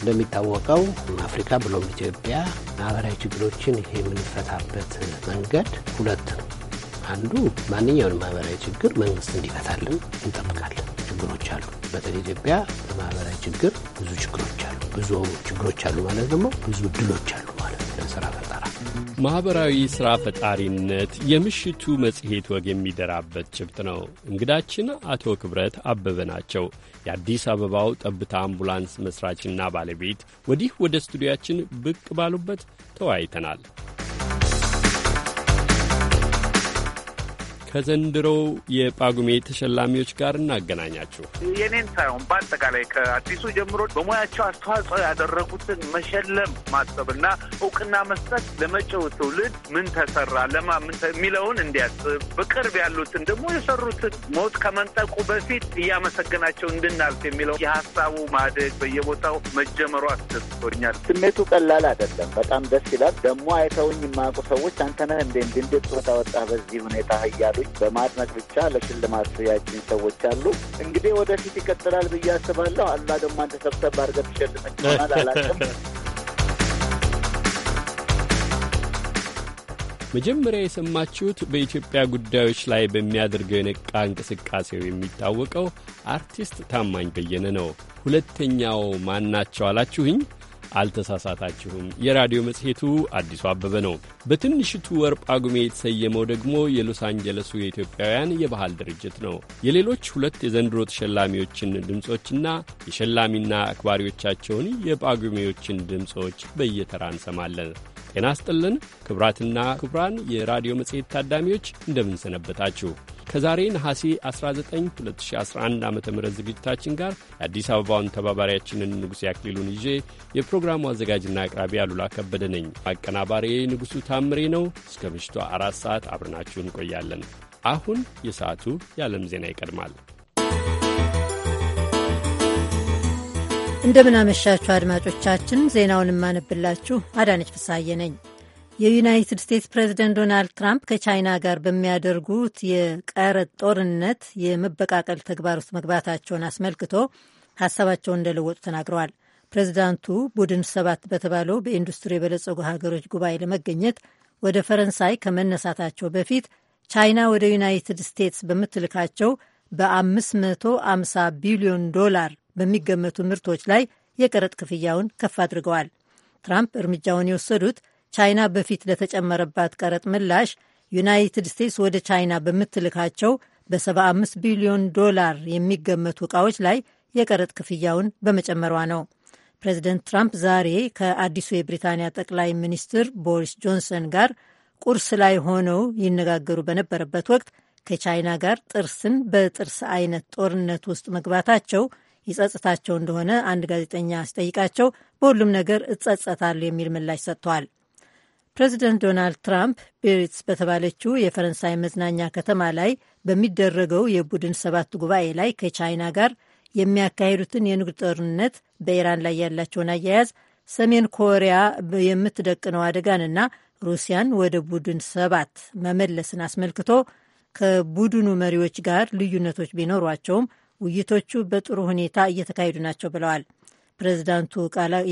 እንደሚታወቀው አፍሪካ ብሎም ኢትዮጵያ ማህበራዊ ችግሮችን የምንፈታበት መንገድ ሁለት ነው። አንዱ ማንኛውንም ማህበራዊ ችግር መንግስት እንዲፈታልን እንጠብቃለን። ችግሮች አሉ። በተለይ ኢትዮጵያ በማህበራዊ ችግር ብዙ ችግሮች አሉ። ብዙ ችግሮች አሉ ማለት ደግሞ ብዙ እድሎች አሉ። ማኅበራዊ ሥራ ፈጣሪነት የምሽቱ መጽሔት ወግ የሚደራበት ጭብጥ ነው። እንግዳችን አቶ ክብረት አበበ ናቸው። የአዲስ አበባው ጠብታ አምቡላንስ መሥራችና ባለቤት ወዲህ ወደ ስቱዲያችን ብቅ ባሉበት ተወያይተናል። ከዘንድሮው የጳጉሜ ተሸላሚዎች ጋር እናገናኛችሁ። የኔን ሳይሆን በአጠቃላይ ከአዲሱ ጀምሮ በሙያቸው አስተዋጽኦ ያደረጉትን መሸለም ማሰብና እውቅና መስጠት ለመጪው ትውልድ ምን ተሰራ ለማ የሚለውን እንዲያስብ በቅርብ ያሉትን ደግሞ የሰሩትን ሞት ከመንጠቁ በፊት እያመሰገናቸው እንድናልፍ የሚለው የሀሳቡ ማደግ በየቦታው መጀመሩ አስደስቶኛል። ስሜቱ ቀላል አይደለም። በጣም ደስ ይላል። ደግሞ አይተውኝ የማያውቁ ሰዎች አንተነህ እንዴ እንድንድ ወጣ በዚህ ሁኔታ እያሉ በማድነቅ ብቻ ለሽልማት ያችን ሰዎች አሉ። እንግዲህ ወደፊት ይቀጥላል ብዬ አስባለሁ። አላ ደግሞ አንተ ሰብሰብ አድርገህ ትሸልመች ይሆናል አላቅም። መጀመሪያ የሰማችሁት በኢትዮጵያ ጉዳዮች ላይ በሚያደርገው የነቃ እንቅስቃሴው የሚታወቀው አርቲስት ታማኝ በየነ ነው። ሁለተኛው ማናቸው አላችሁኝ? አልተሳሳታችሁም። የራዲዮ መጽሔቱ አዲሱ አበበ ነው። በትንሽቱ ወር ጳጉሜ የተሰየመው ደግሞ የሎስ አንጀለሱ የኢትዮጵያውያን የባህል ድርጅት ነው። የሌሎች ሁለት የዘንድሮ ተሸላሚዎችን ድምፆችና የሸላሚና አክባሪዎቻቸውን የጳጉሜዎችን ድምፆች በየተራ እንሰማለን። ጤና ስጥልን ክቡራትና ክቡራን የራዲዮ መጽሔት ታዳሚዎች እንደምንሰነበታችሁ ከዛሬ ነሐሴ 19 2011 ዓ ም ዝግጅታችን ጋር የአዲስ አበባውን ተባባሪያችንን ንጉሥ ያክሊሉን ይዤ የፕሮግራሙ አዘጋጅና አቅራቢ አሉላ ከበደ ነኝ። አቀናባሪ ንጉሡ ታምሬ ነው። እስከ ምሽቱ አራት ሰዓት አብረናችሁ እንቆያለን። አሁን የሰዓቱ የዓለም ዜና ይቀድማል። እንደምናመሻችሁ አድማጮቻችን፣ ዜናውን የማነብላችሁ አዳነች ፍሳዬ ነኝ። የዩናይትድ ስቴትስ ፕሬዝደንት ዶናልድ ትራምፕ ከቻይና ጋር በሚያደርጉት የቀረጥ ጦርነት የመበቃቀል ተግባር ውስጥ መግባታቸውን አስመልክቶ ሀሳባቸውን እንደለወጡ ተናግረዋል። ፕሬዚዳንቱ ቡድን ሰባት በተባለው በኢንዱስትሪ የበለጸጉ ሀገሮች ጉባኤ ለመገኘት ወደ ፈረንሳይ ከመነሳታቸው በፊት ቻይና ወደ ዩናይትድ ስቴትስ በምትልካቸው በ550 ቢሊዮን ዶላር በሚገመቱ ምርቶች ላይ የቀረጥ ክፍያውን ከፍ አድርገዋል። ትራምፕ እርምጃውን የወሰዱት ቻይና በፊት ለተጨመረባት ቀረጥ ምላሽ ዩናይትድ ስቴትስ ወደ ቻይና በምትልካቸው በ75 ቢሊዮን ዶላር የሚገመቱ ዕቃዎች ላይ የቀረጥ ክፍያውን በመጨመሯ ነው። ፕሬዚደንት ትራምፕ ዛሬ ከአዲሱ የብሪታንያ ጠቅላይ ሚኒስትር ቦሪስ ጆንሰን ጋር ቁርስ ላይ ሆነው ይነጋገሩ በነበረበት ወቅት ከቻይና ጋር ጥርስን በጥርስ አይነት ጦርነት ውስጥ መግባታቸው ይጸጽታቸው እንደሆነ አንድ ጋዜጠኛ ሲጠይቃቸው በሁሉም ነገር እጸጸታለሁ የሚል ምላሽ ሰጥተዋል። ፕሬዚደንት ዶናልድ ትራምፕ ቤሪትስ በተባለችው የፈረንሳይ መዝናኛ ከተማ ላይ በሚደረገው የቡድን ሰባት ጉባኤ ላይ ከቻይና ጋር የሚያካሂዱትን የንግድ ጦርነት፣ በኢራን ላይ ያላቸውን አያያዝ፣ ሰሜን ኮሪያ የምትደቅነው አደጋንና ሩሲያን ወደ ቡድን ሰባት መመለስን አስመልክቶ ከቡድኑ መሪዎች ጋር ልዩነቶች ቢኖሯቸውም ውይይቶቹ በጥሩ ሁኔታ እየተካሄዱ ናቸው ብለዋል።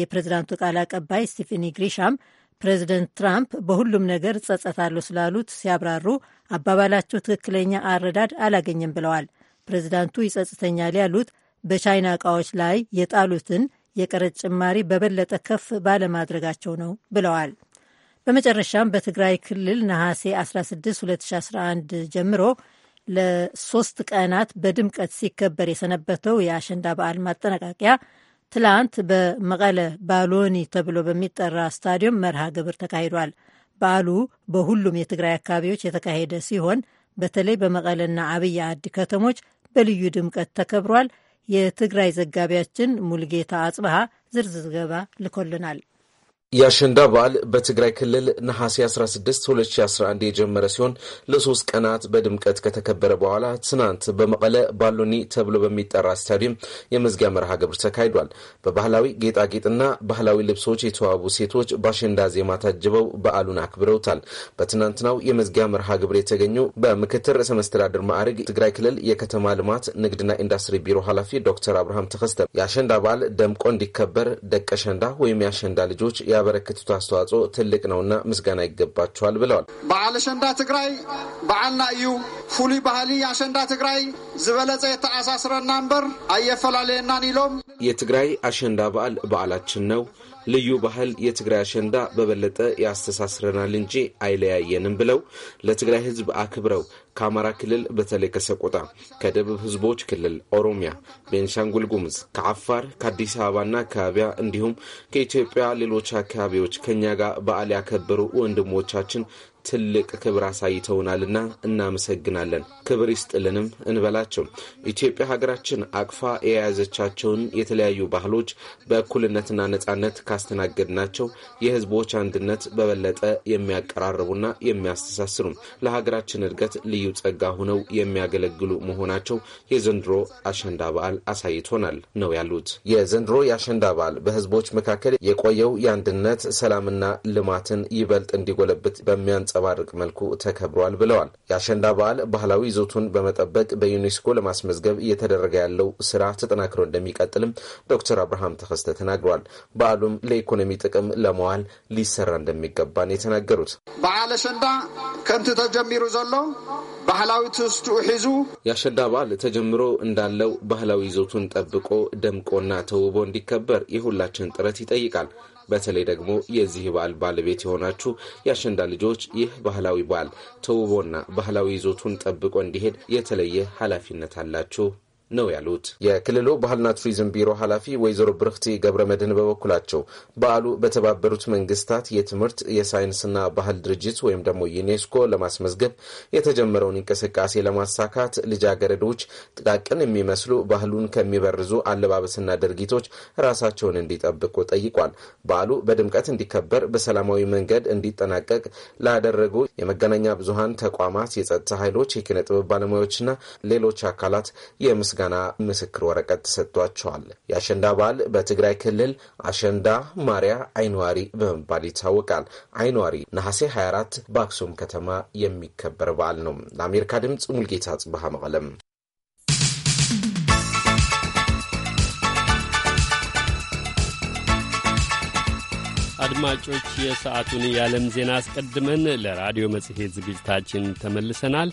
የፕሬዚዳንቱ ቃል አቀባይ ስቲፈኒ ግሪሻም ፕሬዚደንት ትራምፕ በሁሉም ነገር ጸጸታለሁ ስላሉት ሲያብራሩ አባባላቸው ትክክለኛ አረዳድ አላገኘም ብለዋል። ፕሬዚዳንቱ ይጸጽተኛል ያሉት በቻይና እቃዎች ላይ የጣሉትን የቀረጥ ጭማሪ በበለጠ ከፍ ባለማድረጋቸው ነው ብለዋል። በመጨረሻም በትግራይ ክልል ነሐሴ 16 2011 ጀምሮ ለሶስት ቀናት በድምቀት ሲከበር የሰነበተው የአሸንዳ በዓል ማጠናቀቂያ ትላንት በመቀለ ባሎኒ ተብሎ በሚጠራ ስታዲየም መርሃ ግብር ተካሂዷል። በዓሉ በሁሉም የትግራይ አካባቢዎች የተካሄደ ሲሆን በተለይ በመቀለና አብይ አዲ ከተሞች በልዩ ድምቀት ተከብሯል። የትግራይ ዘጋቢያችን ሙልጌታ አጽብሃ ዝርዝር ዘገባ ልኮልናል። የአሸንዳ በዓል በትግራይ ክልል ነሐሴ 16 2011 የጀመረ ሲሆን ለሶስት ቀናት በድምቀት ከተከበረ በኋላ ትናንት በመቀለ ባሎኒ ተብሎ በሚጠራ ስታዲየም የመዝጊያ መርሃ ግብር ተካሂዷል። በባህላዊ ጌጣጌጥና ባህላዊ ልብሶች የተዋቡ ሴቶች በአሸንዳ ዜማ ታጅበው በዓሉን አክብረውታል። በትናንትናው የመዝጊያ መርሃ ግብር የተገኙ በምክትል ርዕሰ መስተዳድር ማዕረግ ትግራይ ክልል የከተማ ልማት ንግድና ኢንዱስትሪ ቢሮ ኃላፊ ዶክተር አብርሃም ተከስተ የአሸንዳ በዓል ደምቆ እንዲከበር ደቀ ሸንዳ ወይም የአሸንዳ ልጆች ላበረከቱት አስተዋጽኦ ትልቅ ነውና ምስጋና ይገባቸዋል ብለዋል። በዓል አሸንዳ ትግራይ በዓልና እዩ ፍሉይ ባህሊ አሸንዳ ትግራይ ዝበለጸ የተኣሳስረና እምበር ኣየፈላለየናን ኢሎም የትግራይ አሸንዳ በዓል በዓላችን ነው ልዩ ባህል የትግራይ አሸንዳ በበለጠ ያስተሳስረናል እንጂ አይለያየንም ብለው ለትግራይ ሕዝብ አክብረው ከአማራ ክልል በተለይ ከሰቆጣ፣ ከደቡብ ህዝቦች ክልል፣ ኦሮሚያ፣ ቤንሻንጉል ጉምዝ፣ ከአፋር፣ ከአዲስ አበባና አካባቢያ እንዲሁም ከኢትዮጵያ ሌሎች አካባቢዎች ከኛ ጋር በዓል ያከበሩ ወንድሞቻችን ትልቅ ክብር አሳይተውናልና እናመሰግናለን። ክብር ይስጥልንም እንበላቸው። ኢትዮጵያ ሀገራችን አቅፋ የያዘቻቸውን የተለያዩ ባህሎች በእኩልነትና ነጻነት ካስተናገድናቸው የህዝቦች አንድነት በበለጠ የሚያቀራርቡና የሚያስተሳስሩ ለሀገራችን እድገት ልዩ ጸጋ ሆነው የሚያገለግሉ መሆናቸው የዘንድሮ አሸንዳ በዓል አሳይቶናል ነው ያሉት። የዘንድሮ የአሸንዳ በዓል በህዝቦች መካከል የቆየው የአንድነት ሰላምና ልማትን ይበልጥ እንዲጎለብት በሚያንጽ በሚያንጸባርቅ መልኩ ተከብሯል ብለዋል። የአሸንዳ በዓል ባህላዊ ይዞቱን በመጠበቅ በዩኔስኮ ለማስመዝገብ እየተደረገ ያለው ስራ ተጠናክሮ እንደሚቀጥልም ዶክተር አብርሃም ተከስተ ተናግሯል። በዓሉም ለኢኮኖሚ ጥቅም ለመዋል ሊሰራ እንደሚገባን የተናገሩት በዓል አሸንዳ ከምቲ ተጀሚሩ ዘሎ ባህላዊ ትሕዝቱኡ ሒዙ የአሸንዳ በዓል ተጀምሮ እንዳለው ባህላዊ ይዞቱን ጠብቆ ደምቆና ተውቦ እንዲከበር የሁላችን ጥረት ይጠይቃል። በተለይ ደግሞ የዚህ በዓል ባለቤት የሆናችሁ የአሸንዳ ልጆች ይህ ባህላዊ በዓል ተውቦና ባህላዊ ይዞቱን ጠብቆ እንዲሄድ የተለየ ኃላፊነት አላችሁ ነው ያሉት። የክልሉ ባህልና ቱሪዝም ቢሮ ኃላፊ ወይዘሮ ብርክቲ ገብረ መድህን በበኩላቸው በዓሉ በተባበሩት መንግስታት የትምህርት የሳይንስና ባህል ድርጅት ወይም ደግሞ ዩኔስኮ ለማስመዝገብ የተጀመረውን እንቅስቃሴ ለማሳካት ልጃገረዶች ጥቃቅን የሚመስሉ ባህሉን ከሚበርዙ አለባበስና ድርጊቶች ራሳቸውን እንዲጠብቁ ጠይቋል። በዓሉ በድምቀት እንዲከበር በሰላማዊ መንገድ እንዲጠናቀቅ ላደረጉ የመገናኛ ብዙሀን ተቋማት፣ የጸጥታ ኃይሎች፣ የኪነጥበብ ባለሙያዎችና ሌሎች አካላት የምስ የምስጋና ምስክር ወረቀት ተሰጥቷቸዋል። የአሸንዳ በዓል በትግራይ ክልል አሸንዳ ማርያ አይንዋሪ በመባል ይታወቃል። አይንዋሪ ነሐሴ 24 በአክሱም ከተማ የሚከበር በዓል ነው። ለአሜሪካ ድምፅ ሙልጌታ ጽብሃ መቀለም አድማጮች የሰዓቱን የዓለም ዜና አስቀድመን ለራዲዮ መጽሔት ዝግጅታችን ተመልሰናል።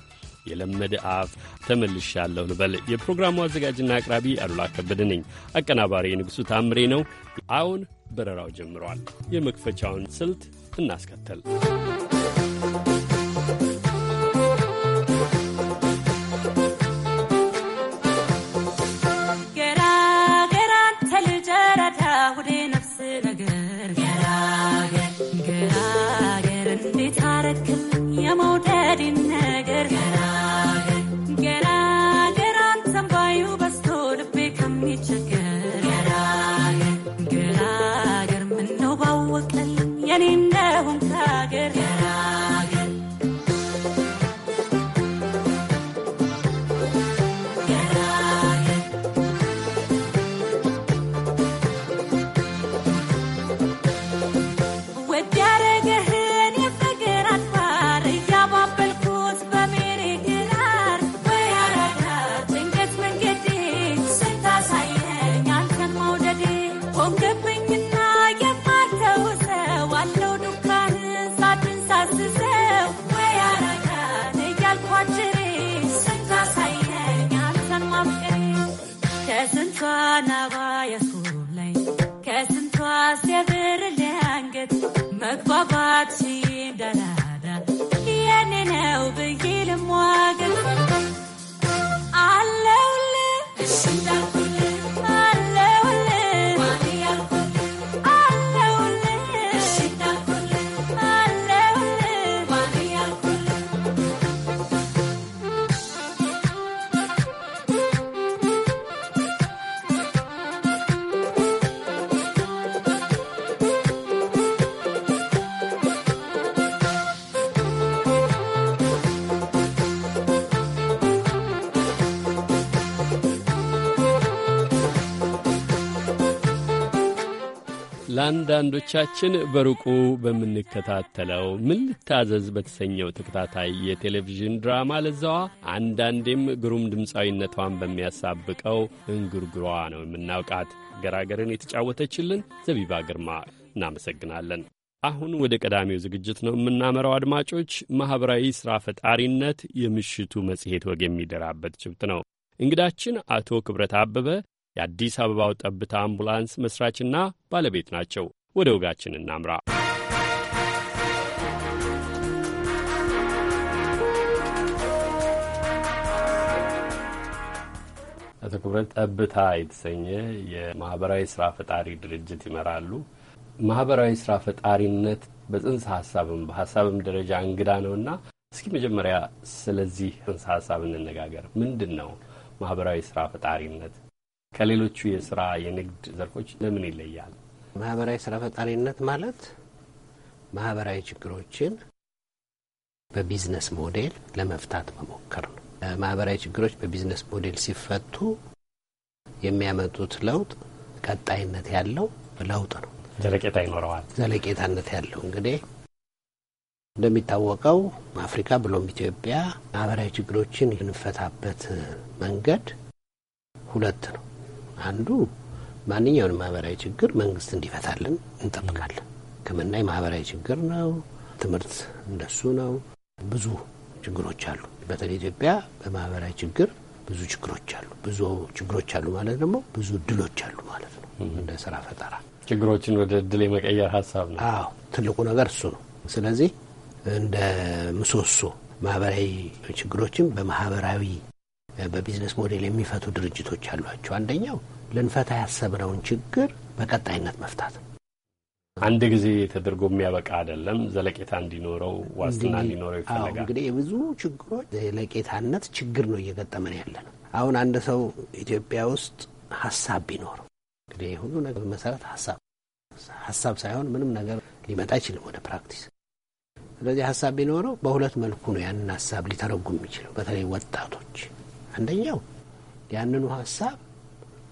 የለመደ አፍ ተመልሻለሁ ልበል። የፕሮግራሙ አዘጋጅና አቅራቢ አሉላ ከበደ ነኝ። አቀናባሪ ንጉሡ ታምሬ ነው። አሁን በረራው ጀምሯል። የመክፈቻውን ስልት እናስከተል። I'm ለአንዳንዶቻችን በሩቁ በምንከታተለው ምን ልታዘዝ በተሰኘው ተከታታይ የቴሌቪዥን ድራማ ለዛዋ አንዳንዴም ግሩም ድምፃዊነቷን በሚያሳብቀው እንጉርጉሯ ነው የምናውቃት ገራገርን የተጫወተችልን ዘቢባ ግርማ እናመሰግናለን። አሁን ወደ ቀዳሚው ዝግጅት ነው የምናመራው። አድማጮች፣ ማኅበራዊ ሥራ ፈጣሪነት የምሽቱ መጽሔት ወግ የሚደራበት ጭብጥ ነው። እንግዳችን አቶ ክብረት አበበ የአዲስ አበባው ጠብታ አምቡላንስ መስራችና ባለቤት ናቸው። ወደ ወጋችን እናምራ። አቶ ክብረት ጠብታ የተሰኘ የማህበራዊ ስራ ፈጣሪ ድርጅት ይመራሉ። ማህበራዊ ስራ ፈጣሪነት በጽንሰ ሀሳብም በሀሳብም ደረጃ እንግዳ ነውና እስኪ መጀመሪያ ስለዚህ ጽንሰ ሀሳብ እንነጋገር። ምንድን ነው ማህበራዊ ስራ ፈጣሪነት? ከሌሎቹ የስራ የንግድ ዘርፎች ለምን ይለያል? ማህበራዊ ስራ ፈጣሪነት ማለት ማህበራዊ ችግሮችን በቢዝነስ ሞዴል ለመፍታት መሞከር ነው። ማህበራዊ ችግሮች በቢዝነስ ሞዴል ሲፈቱ የሚያመጡት ለውጥ ቀጣይነት ያለው ለውጥ ነው። ዘለቄታ ይኖረዋል። ዘለቄታነት ያለው እንግዲህ እንደሚታወቀው አፍሪካ ብሎም ኢትዮጵያ ማህበራዊ ችግሮችን የምንፈታበት መንገድ ሁለት ነው። አንዱ ማንኛውንም ማህበራዊ ችግር መንግስት እንዲፈታልን እንጠብቃለን። ሕክምና የማህበራዊ ችግር ነው። ትምህርት እንደሱ ነው። ብዙ ችግሮች አሉ። በተለይ ኢትዮጵያ በማህበራዊ ችግር ብዙ ችግሮች አሉ። ብዙ ችግሮች አሉ ማለት ደግሞ ብዙ እድሎች አሉ ማለት ነው። እንደ ስራ ፈጠራ ችግሮችን ወደ እድል የመቀየር ሀሳብ ነው። አዎ ትልቁ ነገር እሱ ነው። ስለዚህ እንደ ምሰሶ ማህበራዊ ችግሮችን በማህበራዊ በቢዝነስ ሞዴል የሚፈቱ ድርጅቶች አሏቸው። አንደኛው ልንፈታ ያሰብነውን ችግር በቀጣይነት መፍታት አንድ ጊዜ ተደርጎ የሚያበቃ አይደለም። ዘለቄታ እንዲኖረው ዋስትና እንዲኖረው ይፈለጋል። እንግዲህ የብዙ ችግሮች ዘለቄታነት ችግር ነው እየገጠመን ያለ ነው። አሁን አንድ ሰው ኢትዮጵያ ውስጥ ሀሳብ ቢኖረው እንግዲህ ሁሉ ነገር መሰረት ሀሳብ ሀሳብ ሳይሆን ምንም ነገር ሊመጣ አይችልም ወደ ፕራክቲስ። ስለዚህ ሀሳብ ቢኖረው በሁለት መልኩ ነው ያንን ሀሳብ ሊተረጉም የሚችለው በተለይ ወጣቶች አንደኛው ያንኑ ሀሳብ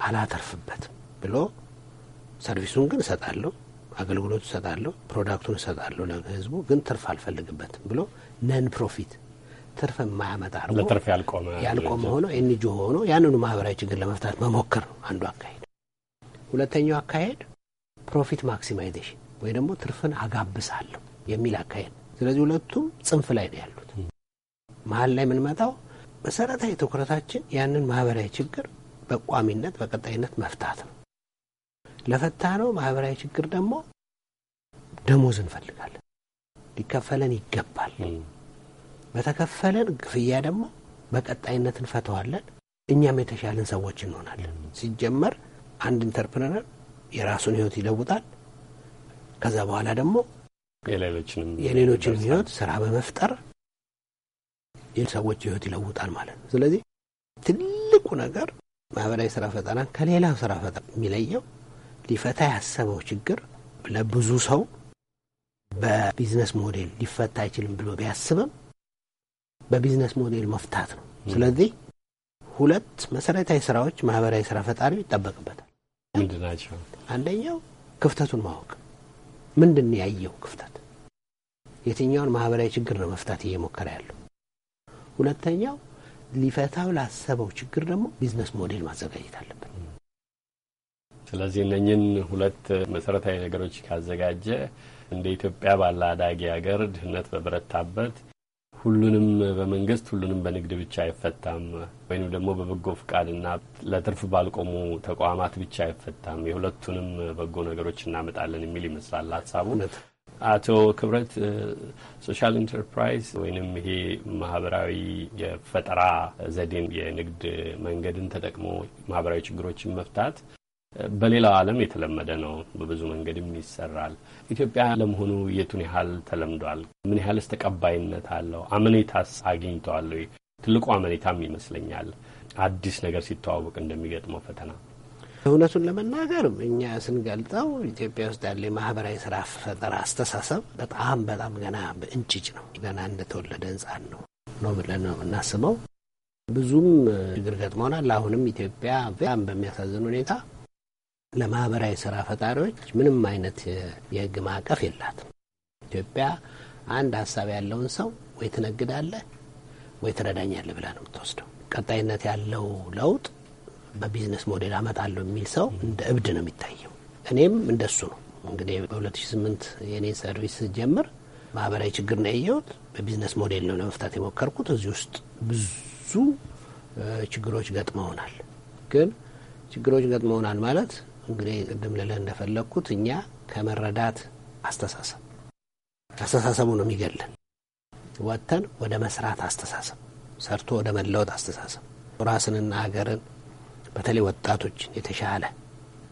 አላተርፍበትም ብሎ ሰርቪሱን ግን እሰጣለሁ፣ አገልግሎቱ እሰጣለሁ፣ ፕሮዳክቱን እሰጣለሁ ለህዝቡ ግን ትርፍ አልፈልግበትም ብሎ ነን ፕሮፊት ትርፍ የማያመጣ ለትርፍ ያልቆመ ሆኖ ኤንጂ ሆኖ ያንኑ ማህበራዊ ችግር ለመፍታት መሞከር ነው አንዱ አካሄድ። ሁለተኛው አካሄድ ፕሮፊት ማክሲማይዜሽን ወይ ደግሞ ትርፍን አጋብሳለሁ የሚል አካሄድ። ስለዚህ ሁለቱም ጽንፍ ላይ ነው ያሉት። መሀል ላይ የምንመጣው መሰረታዊ ትኩረታችን ያንን ማህበራዊ ችግር በቋሚነት በቀጣይነት መፍታት ነው። ለፈታ ነው ማህበራዊ ችግር ደግሞ ደሞዝ እንፈልጋለን። ሊከፈለን ይገባል። በተከፈለን ክፍያ ደግሞ በቀጣይነት እንፈተዋለን። እኛም የተሻለን ሰዎች እንሆናለን። ሲጀመር አንድ ኢንተርፕረነር የራሱን ህይወት ይለውጣል። ከዛ በኋላ ደግሞ የሌሎችንም ህይወት ስራ በመፍጠር የሰዎች ህይወት ይለውጣል ማለት ነው። ስለዚህ ትልቁ ነገር ማህበራዊ ስራ ፈጠራን ከሌላው ስራ ፈጠራ የሚለየው ሊፈታ ያሰበው ችግር ለብዙ ሰው በቢዝነስ ሞዴል ሊፈታ አይችልም ብሎ ቢያስብም በቢዝነስ ሞዴል መፍታት ነው። ስለዚህ ሁለት መሰረታዊ ስራዎች ማህበራዊ ስራ ፈጣሪ ይጠበቅበታል። ምንድን ናቸው? አንደኛው ክፍተቱን ማወቅ። ምንድን ያየው ክፍተት? የትኛውን ማህበራዊ ችግር ነው መፍታት እየሞከረ ያለው? ሁለተኛው ሊፈታው ላሰበው ችግር ደግሞ ቢዝነስ ሞዴል ማዘጋጀት አለብን። ስለዚህ እነኝን ሁለት መሰረታዊ ነገሮች ካዘጋጀ እንደ ኢትዮጵያ ባለ አዳጊ ሀገር ድህነት በበረታበት ሁሉንም በመንግስት ሁሉንም በንግድ ብቻ አይፈታም፣ ወይም ደግሞ በበጎ ፍቃድና ለትርፍ ባልቆሙ ተቋማት ብቻ አይፈታም። የሁለቱንም በጎ ነገሮች እናመጣለን የሚል ይመስላል ሀሳቡ። አቶ ክብረት ሶሻል ኢንተርፕራይዝ ወይንም ይሄ ማህበራዊ የፈጠራ ዘዴን የንግድ መንገድን ተጠቅሞ ማህበራዊ ችግሮችን መፍታት በሌላው ዓለም የተለመደ ነው። በብዙ መንገድም ይሰራል። ኢትዮጵያ ለመሆኑ የቱን ያህል ተለምዷል? ምን ያህልስ ተቀባይነት አለው? አመኔታስ አግኝተዋል? ትልቁ አመኔታም ይመስለኛል አዲስ ነገር ሲተዋወቅ እንደሚገጥመው ፈተና እውነቱን ለመናገር እኛ ስንገልጠው ኢትዮጵያ ውስጥ ያለ የማህበራዊ ስራ ፈጠራ አስተሳሰብ በጣም በጣም ገና በእንጭጭ ነው። ገና እንደተወለደ ህንጻን ነው ነው ብለን ነው የምናስበው። ብዙም ችግር ገጥሞናል። አሁንም ኢትዮጵያ በጣም በሚያሳዝን ሁኔታ ለማህበራዊ ስራ ፈጣሪዎች ምንም አይነት የህግ ማዕቀፍ የላትም። ኢትዮጵያ አንድ ሀሳብ ያለውን ሰው ወይ ትነግዳለህ ወይ ትረዳኛለህ ብላ ነው የምትወስደው። ቀጣይነት ያለው ለውጥ በቢዝነስ ሞዴል አመጣለሁ የሚል ሰው እንደ እብድ ነው የሚታየው። እኔም እንደሱ ነው። እንግዲህ በ2008 የኔ ሰርቪስ ጀምር ማህበራዊ ችግር ነው ያየሁት። በቢዝነስ ሞዴል ነው ለመፍታት የሞከርኩት። እዚህ ውስጥ ብዙ ችግሮች ገጥመውናል። ግን ችግሮች ገጥመውናል ማለት እንግዲህ ቅድም ልልህ እንደፈለግኩት እኛ ከመረዳት አስተሳሰብ አስተሳሰቡ ነው የሚገለን ወጥተን ወደ መስራት አስተሳሰብ ሰርቶ ወደ መለወጥ አስተሳሰብ ራስንና ሀገርን በተለይ ወጣቶችን የተሻለ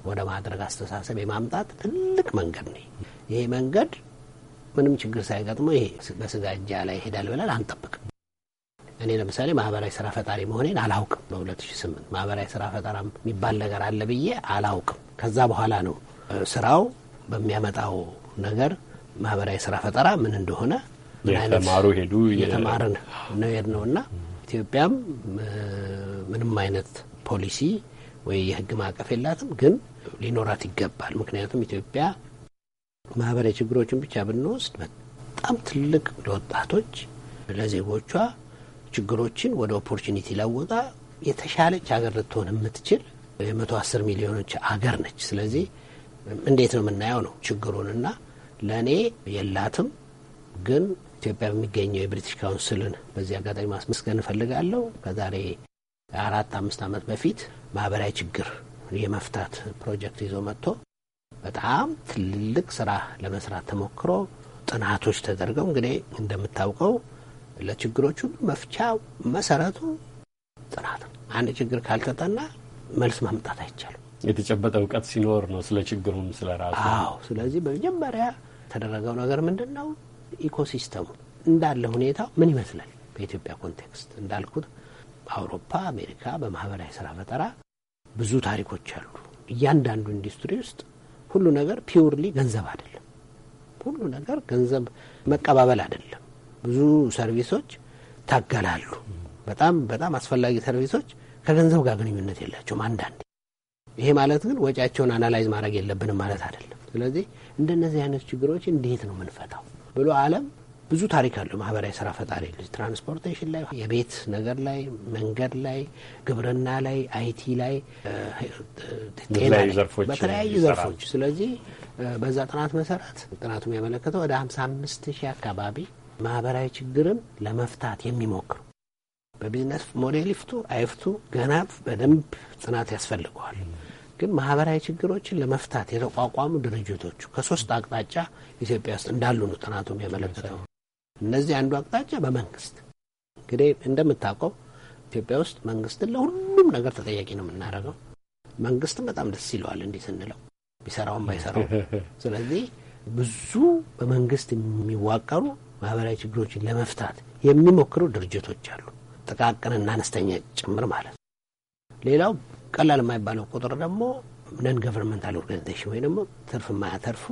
ወደ ማድረግ አስተሳሰብ የማምጣት ትልቅ መንገድ ነው። ይሄ መንገድ ምንም ችግር ሳይገጥመው ይሄ በስጋ እጃ ላይ ይሄዳል ብለን አንጠብቅም። እኔ ለምሳሌ ማህበራዊ ስራ ፈጣሪ መሆኔን አላውቅም። በ2008 ማህበራዊ ስራ ፈጠራ የሚባል ነገር አለ ብዬ አላውቅም። ከዛ በኋላ ነው ስራው በሚያመጣው ነገር ማህበራዊ ስራ ፈጠራ ምን እንደሆነ የተማሩ ሄዱ የተማርን ነው ሄድ ነው እና ኢትዮጵያም ምንም አይነት ፖሊሲ ወይ የህግ ማዕቀፍ የላትም፣ ግን ሊኖራት ይገባል። ምክንያቱም ኢትዮጵያ ማህበራዊ ችግሮችን ብቻ ብንወስድ በጣም ትልቅ ለወጣቶች ለዜጎቿ ችግሮችን ወደ ኦፖርቹኒቲ ለውጣ የተሻለች ሀገር ልትሆን የምትችል የመቶ አስር ሚሊዮኖች አገር ነች። ስለዚህ እንዴት ነው የምናየው ነው ችግሩንና ለእኔ የላትም ግን ኢትዮጵያ በሚገኘው የብሪቲሽ ካውንስልን በዚህ አጋጣሚ ማስመስገን እፈልጋለሁ። ከዛሬ አራት አምስት ዓመት በፊት ማህበራዊ ችግር የመፍታት ፕሮጀክት ይዞ መጥቶ በጣም ትልልቅ ስራ ለመስራት ተሞክሮ ጥናቶች ተደርገው እንግዲህ እንደምታውቀው ለችግሮች ሁሉ መፍቻ መሰረቱ ጥናት ነው። አንድ ችግር ካልተጠና መልስ ማምጣት አይቻልም። የተጨበጠ እውቀት ሲኖር ነው ስለ ችግሩም ስለ ራሱ። አዎ። ስለዚህ በመጀመሪያ የተደረገው ነገር ምንድን ነው? ኢኮሲስተሙ እንዳለ ሁኔታ ምን ይመስላል? በኢትዮጵያ ኮንቴክስት እንዳልኩት አውሮፓ፣ አሜሪካ በማህበራዊ ስራ ፈጠራ ብዙ ታሪኮች አሉ። እያንዳንዱ ኢንዱስትሪ ውስጥ ሁሉ ነገር ፒውርሊ ገንዘብ አይደለም። ሁሉ ነገር ገንዘብ መቀባበል አይደለም። ብዙ ሰርቪሶች ታገላሉ። በጣም በጣም አስፈላጊ ሰርቪሶች ከገንዘብ ጋር ግንኙነት የላቸውም አንዳንዴ። ይሄ ማለት ግን ወጪያቸውን አናላይዝ ማድረግ የለብንም ማለት አይደለም። ስለዚህ እንደነዚህ አይነት ችግሮች እንዴት ነው የምንፈታው ብሎ አለም ብዙ ታሪክ አለው ማህበራዊ ስራ ፈጣሪ ልጅ ትራንስፖርቴሽን ላይ፣ የቤት ነገር ላይ፣ መንገድ ላይ፣ ግብርና ላይ፣ አይቲ ላይ፣ ጤና በተለያዩ ዘርፎች። ስለዚህ በዛ ጥናት መሰረት ጥናቱ የሚያመለክተው ወደ 55 ሺህ አካባቢ ማህበራዊ ችግርን ለመፍታት የሚሞክሩ በቢዝነስ ሞዴል ይፍቱ አይፍቱ ገና በደንብ ጥናት ያስፈልገዋል። ግን ማህበራዊ ችግሮችን ለመፍታት የተቋቋሙ ድርጅቶቹ ከሶስት አቅጣጫ ኢትዮጵያ ውስጥ እንዳሉ ነው ጥናቱ የሚያመለክተው። እነዚህ አንዱ አቅጣጫ በመንግስት እንግዲህ እንደምታውቀው ኢትዮጵያ ውስጥ መንግስትን ለሁሉም ነገር ተጠያቂ ነው የምናደርገው። መንግስትን በጣም ደስ ይለዋል እንዲህ ስንለው ቢሰራውም ባይሰራው። ስለዚህ ብዙ በመንግስት የሚዋቀሩ ማህበራዊ ችግሮችን ለመፍታት የሚሞክሩ ድርጅቶች አሉ፣ ጥቃቅንና አነስተኛ ጭምር ማለት ነው። ሌላው ቀላል የማይባለው ቁጥር ደግሞ ነን ገቨርንመንታል ኦርጋኒዜሽን ወይ ደግሞ ትርፍ የማያተርፉ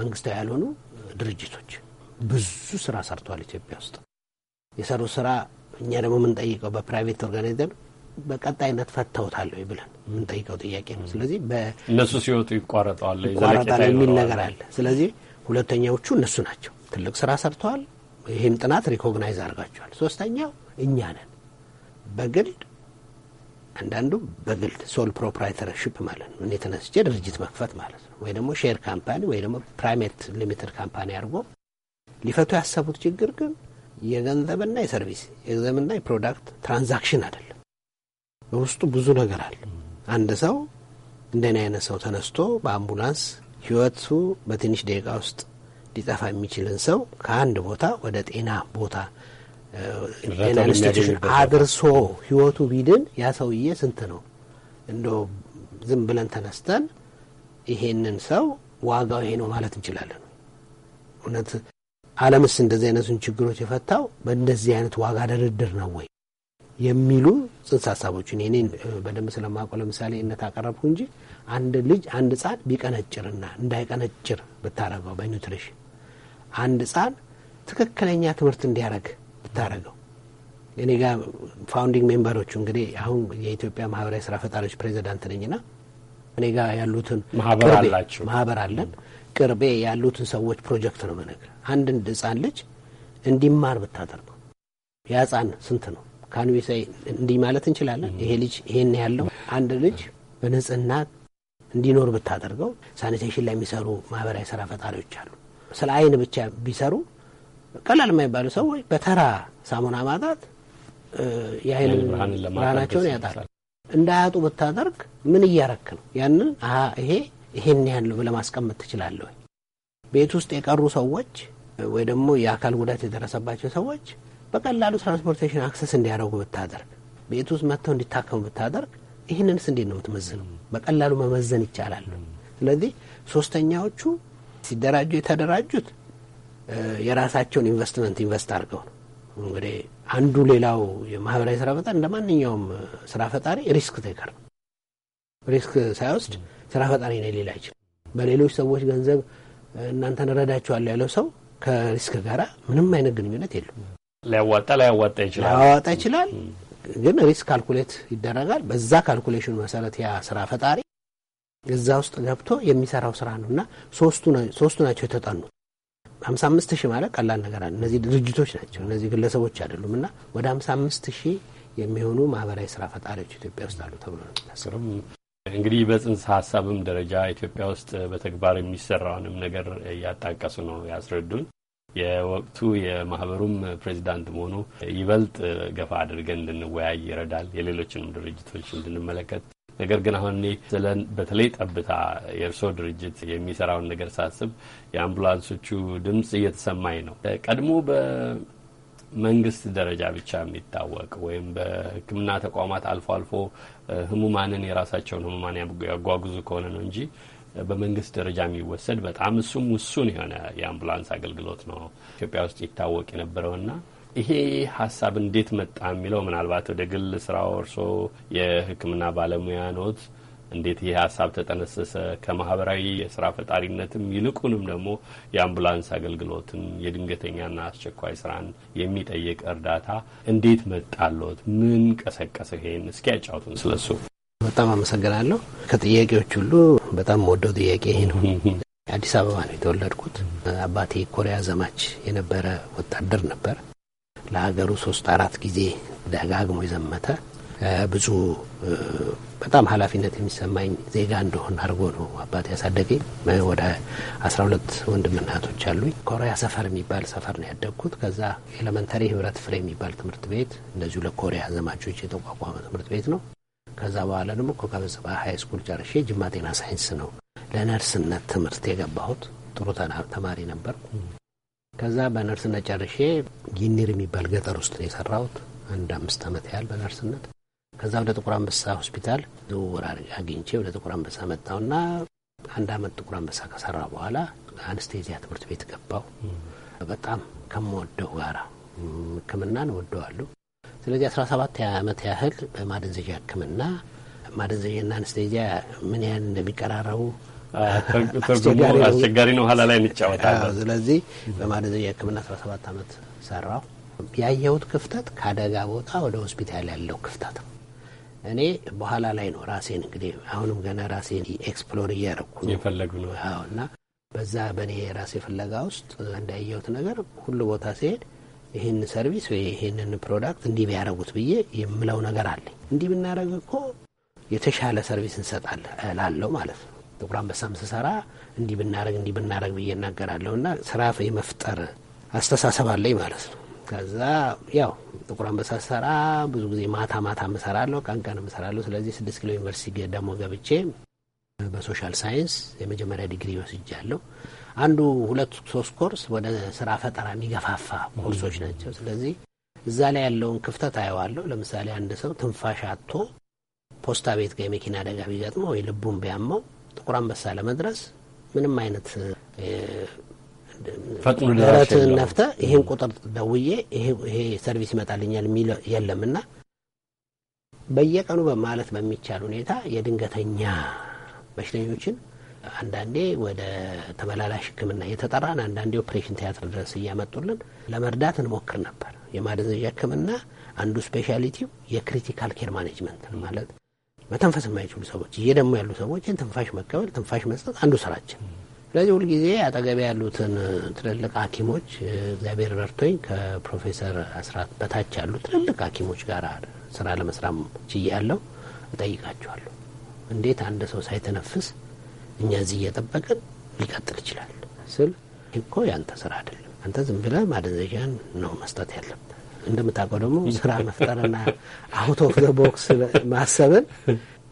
መንግስታዊ ያልሆኑ ድርጅቶች ብዙ ስራ ሰርተዋል ኢትዮጵያ ውስጥ የሰሩ ስራ እኛ ደግሞ የምንጠይቀው በፕራይቬት ኦርጋናይዘር በቀጣይነት ፈተውታል ወይ ብለን የምንጠይቀው ጥያቄ ነው። ስለዚህ እነሱ ሲወጡ ይቋረጠዋል ይቋረጣል የሚል ነገር አለ። ስለዚህ ሁለተኛዎቹ እነሱ ናቸው። ትልቅ ስራ ሰርተዋል። ይህም ጥናት ሪኮግናይዝ አድርጋቸዋል። ሶስተኛው እኛ ነን። በግልድ አንዳንዱ በግልድ ሶል ፕሮፕራይተርሽፕ ማለት ነው። እኔ ተነስቼ ድርጅት መክፈት ማለት ነው ወይ ደግሞ ሼር ካምፓኒ ወይ ደግሞ ፕራይሜት ሊሚትድ ካምፓኒ አድርጎ ሊፈቱ ያሰቡት ችግር ግን የገንዘብና የሰርቪስ የገንዘብና የፕሮዳክት ትራንዛክሽን አይደለም። በውስጡ ብዙ ነገር አለ። አንድ ሰው እንደኔ አይነት ሰው ተነስቶ በአምቡላንስ ህይወቱ በትንሽ ደቂቃ ውስጥ ሊጠፋ የሚችልን ሰው ከአንድ ቦታ ወደ ጤና ቦታ ጤና አድርሶ ህይወቱ ቢድን ያ ሰውዬ ስንት ነው? እንደ ዝም ብለን ተነስተን ይሄንን ሰው ዋጋው ይሄ ነው ማለት እንችላለን? እውነት ዓለምስ እንደዚህ አይነቱን ችግሮች የፈታው በእንደዚህ አይነት ዋጋ ድርድር ነው ወይ የሚሉ ጽንሰ ሀሳቦችን ይህኔን በደንብ ስለማውቀው ለምሳሌ እነት አቀረብኩ እንጂ አንድ ልጅ አንድ ሕፃን ቢቀነጭርና እንዳይቀነጭር ብታረገው በኒውትሪሽን አንድ ሕፃን ትክክለኛ ትምህርት እንዲያደረግ ብታረገው እኔ ጋ ፋውንዲንግ ሜምበሮቹ እንግዲህ አሁን የኢትዮጵያ ማህበራዊ ስራ ፈጣሪዎች ፕሬዚዳንት ነኝና እኔ ጋ ያሉትን ማህበር አለን ቅርቤ ያሉትን ሰዎች ፕሮጀክት ነው መነግር አንድን ህፃን ልጅ እንዲማር ብታደርገው ያ ስንት ነው? ካንቤሳ እንዲህ ማለት እንችላለን። ይሄ ልጅ ይሄን ያለው አንድ ልጅ በንጽህና እንዲኖር ብታደርገው። ሳኒቴሽን ላይ የሚሰሩ ማህበራዊ ስራ ፈጣሪዎች አሉ። ስለ አይን ብቻ ቢሰሩ ቀላል የማይባሉ ሰዎች በተራ ሳሙና ማጣት የአይን ብርሃናቸውን ያጣል። እንዳያጡ ብታደርግ ምን እያረክ ነው? ያንን ይሄ ይሄን ያለው ብለህ ማስቀመጥ ትችላለህ። ቤት ውስጥ የቀሩ ሰዎች ወይ ደግሞ የአካል ጉዳት የደረሰባቸው ሰዎች በቀላሉ ትራንስፖርቴሽን አክሰስ እንዲያደርጉ ብታደርግ፣ ቤት ውስጥ መጥተው እንዲታከሙ ብታደርግ፣ ይህንንስ እንዴት ነው የምትመዝነው? በቀላሉ መመዘን ይቻላል። ስለዚህ ሶስተኛዎቹ ሲደራጁ የተደራጁት የራሳቸውን ኢንቨስትመንት ኢንቨስት አድርገው ነው። እንግዲህ አንዱ ሌላው የማህበራዊ ስራ ፈጣሪ እንደ ማንኛውም ስራ ፈጣሪ ሪስክ ቴከር ነው። ሪስክ ሳይወስድ ስራ ፈጣሪ ነው ሌላ አይችልም። በሌሎች ሰዎች ገንዘብ እናንተን እረዳችኋለሁ ያለው ሰው ከሪስክ ጋራ ምንም አይነት ግንኙነት የለም። ሊያዋጣ ላያዋጣ ይችላል። ሊያዋጣ ይችላል፣ ግን ሪስክ ካልኩሌት ይደረጋል። በዛ ካልኩሌሽን መሰረት ያ ስራ ፈጣሪ እዛ ውስጥ ገብቶ የሚሰራው ስራ ነው እና ሶስቱ ናቸው የተጠኑት። ሀምሳ አምስት ሺህ ማለት ቀላል ነገር አለ። እነዚህ ድርጅቶች ናቸው፣ እነዚህ ግለሰቦች አይደሉም። እና ወደ ሀምሳ አምስት ሺህ የሚሆኑ ማህበራዊ ስራ ፈጣሪዎች ኢትዮጵያ ውስጥ አሉ ተብሎ ነው። እንግዲህ በጽንሰ ሀሳብም ደረጃ ኢትዮጵያ ውስጥ በተግባር የሚሰራውንም ነገር እያጣቀሱ ነው ያስረዱን። የወቅቱ የማህበሩም ፕሬዚዳንት መሆኑ ይበልጥ ገፋ አድርገን እንድንወያይ ይረዳል፣ የሌሎችንም ድርጅቶች እንድንመለከት። ነገር ግን አሁን እኔ ስለ በተለይ ጠብታ የእርስዎ ድርጅት የሚሰራውን ነገር ሳስብ የአምቡላንሶቹ ድምፅ እየተሰማኝ ነው። ቀድሞ በመንግስት ደረጃ ብቻ የሚታወቅ ወይም በሕክምና ተቋማት አልፎ አልፎ ህሙማንን የራሳቸውን ህሙማን ያጓጉዙ ከሆነ ነው እንጂ በመንግስት ደረጃ የሚወሰድ በጣም እሱም ውሱን የሆነ የአምቡላንስ አገልግሎት ነው ኢትዮጵያ ውስጥ ይታወቅ የነበረውና ይሄ ሀሳብ እንዴት መጣ የሚለው ምናልባት ወደ ግል ስራው እርሶ የህክምና ባለሙያ ኖት እንዴት ይህ ሀሳብ ተጠነሰሰ? ከማህበራዊ የስራ ፈጣሪነትም ይልቁንም ደግሞ የአምቡላንስ አገልግሎትን የድንገተኛና አስቸኳይ ስራን የሚጠይቅ እርዳታ እንዴት መጣሎት? ምን ቀሰቀሰ? ይሄን እስኪ ያጫውቱን ስለሱ። በጣም አመሰግናለሁ። ከጥያቄዎች ሁሉ በጣም ወደው ጥያቄ ይሄ ነው። አዲስ አበባ ነው የተወለድኩት። አባቴ ኮሪያ ዘማች የነበረ ወታደር ነበር። ለሀገሩ ሶስት አራት ጊዜ ደጋግሞ የዘመተ ብዙ በጣም ኃላፊነት የሚሰማኝ ዜጋ እንደሆን አድርጎ ነው አባት ያሳደገኝ። ወደ አስራ ሁለት ወንድምና እህቶች አሉኝ። ኮሪያ ሰፈር የሚባል ሰፈር ነው ያደግኩት። ከዛ ኤሌመንተሪ ህብረት ፍሬ የሚባል ትምህርት ቤት እንደዚሁ ለኮሪያ ዘማቾች የተቋቋመ ትምህርት ቤት ነው። ከዛ በኋላ ደግሞ ኮከበጽባ ሀይ ስኩል ጨርሼ ጅማ ጤና ሳይንስ ነው ለነርስነት ትምህርት የገባሁት። ጥሩ ተማሪ ነበር። ከዛ በነርስነት ጨርሼ ጊኒር የሚባል ገጠር ውስጥ ነው የሰራሁት አንድ አምስት ዓመት ያህል በነርስነት ከዛ ወደ ጥቁር አንበሳ ሆስፒታል ዝውውር አግኝቼ ወደ ጥቁር አንበሳ መጣውና አንድ አመት ጥቁር አንበሳ ከሰራ በኋላ አንስቴዚያ ትምህርት ቤት ገባው። በጣም ከምወደው ጋር ሕክምናን ወደዋለሁ። ስለዚህ ሰባት አመት ያህል በማደንዘዣ ሕክምና ማደንዘዣና አንስቴዚያ ምን ያህል እንደሚቀራረቡ አስቸጋሪ ነው። ኋላ ላይ እንጫወታለን። ስለዚህ በማደንዘዣ ሕክምና ሰባት አመት ሰራው። ያየሁት ክፍተት ከአደጋ ቦታ ወደ ሆስፒታል ያለው ክፍተት ነው። እኔ በኋላ ላይ ነው ራሴን እንግዲህ አሁንም ገና ራሴን ኤክስፕሎር እያደረኩ ነው የፈለጉ ነው እና በዛ በእኔ የራሴ ፍለጋ ውስጥ እንዳየሁት ነገር ሁሉ ቦታ ሲሄድ ይህን ሰርቪስ ወይ ይህንን ፕሮዳክት እንዲህ ቢያደረጉት ብዬ የምለው ነገር አለኝ። እንዲህ ብናደረግ እኮ የተሻለ ሰርቪስ እንሰጣለ ላለው ማለት ነው። ጥቁር አንበሳም ስሰራ እንዲህ ብናደረግ እንዲህ ብናደረግ ብዬ እናገራለሁ እና ስራ የመፍጠር አስተሳሰብ አለኝ ማለት ነው። ከዛ ያው ጥቁር አንበሳ ሰራ ብዙ ጊዜ ማታ ማታ ምሰራለሁ፣ ቀን ቀን ምሰራለሁ። ስለዚህ ስድስት ኪሎ ዩኒቨርሲቲ ደግሞ ገብቼ በሶሻል ሳይንስ የመጀመሪያ ዲግሪ ወስጃለሁ። አንዱ ሁለት ሶስት ኮርስ ወደ ስራ ፈጠራ የሚገፋፋ ኮርሶች ናቸው። ስለዚህ እዛ ላይ ያለውን ክፍተት አየዋለሁ። ለምሳሌ አንድ ሰው ትንፋሽ አጥቶ ፖስታ ቤት ጋር የመኪና አደጋ ቢገጥመው ወይ ልቡን ቢያመው ጥቁር አንበሳ ለመድረስ ምንም አይነት ደረትህን ነፍተ ይህን ቁጥር ደውዬ ይሄ ሰርቪስ ይመጣልኛል የሚል የለምና በየቀኑ በማለት በሚቻል ሁኔታ የድንገተኛ በሽተኞችን አንዳንዴ ወደ ተመላላሽ ሕክምና እየተጠራን አንዳንዴ ኦፕሬሽን ቲያትር ድረስ እያመጡልን ለመርዳት እንሞክር ነበር። የማደንዘዣ ሕክምና አንዱ ስፔሻሊቲው የክሪቲካል ኬር ማኔጅመንት ማለት መተንፈስ የማይችሉ ሰዎች እየደሙ ያሉ ሰዎችን ትንፋሽ መቀበል፣ ትንፋሽ መስጠት አንዱ ስራችን ስለዚህ ሁልጊዜ አጠገቢ ያሉትን ትልልቅ ሐኪሞች እግዚአብሔር ረድቶኝ ከፕሮፌሰር አስራት በታች ያሉ ትልልቅ ሐኪሞች ጋር ስራ ለመስራም ችያለሁ። እጠይቃቸዋለሁ እንዴት አንድ ሰው ሳይተነፍስ እኛ እዚህ እየጠበቅን ሊቀጥል ይችላል ስል እኮ ያንተ ስራ አይደለም፣ አንተ ዝም ብለህ ማደንዘዣን ነው መስጠት ያለብህ። እንደምታውቀው ደግሞ ስራ መፍጠርና አውት ኦፍ ዘ ቦክስ ማሰብን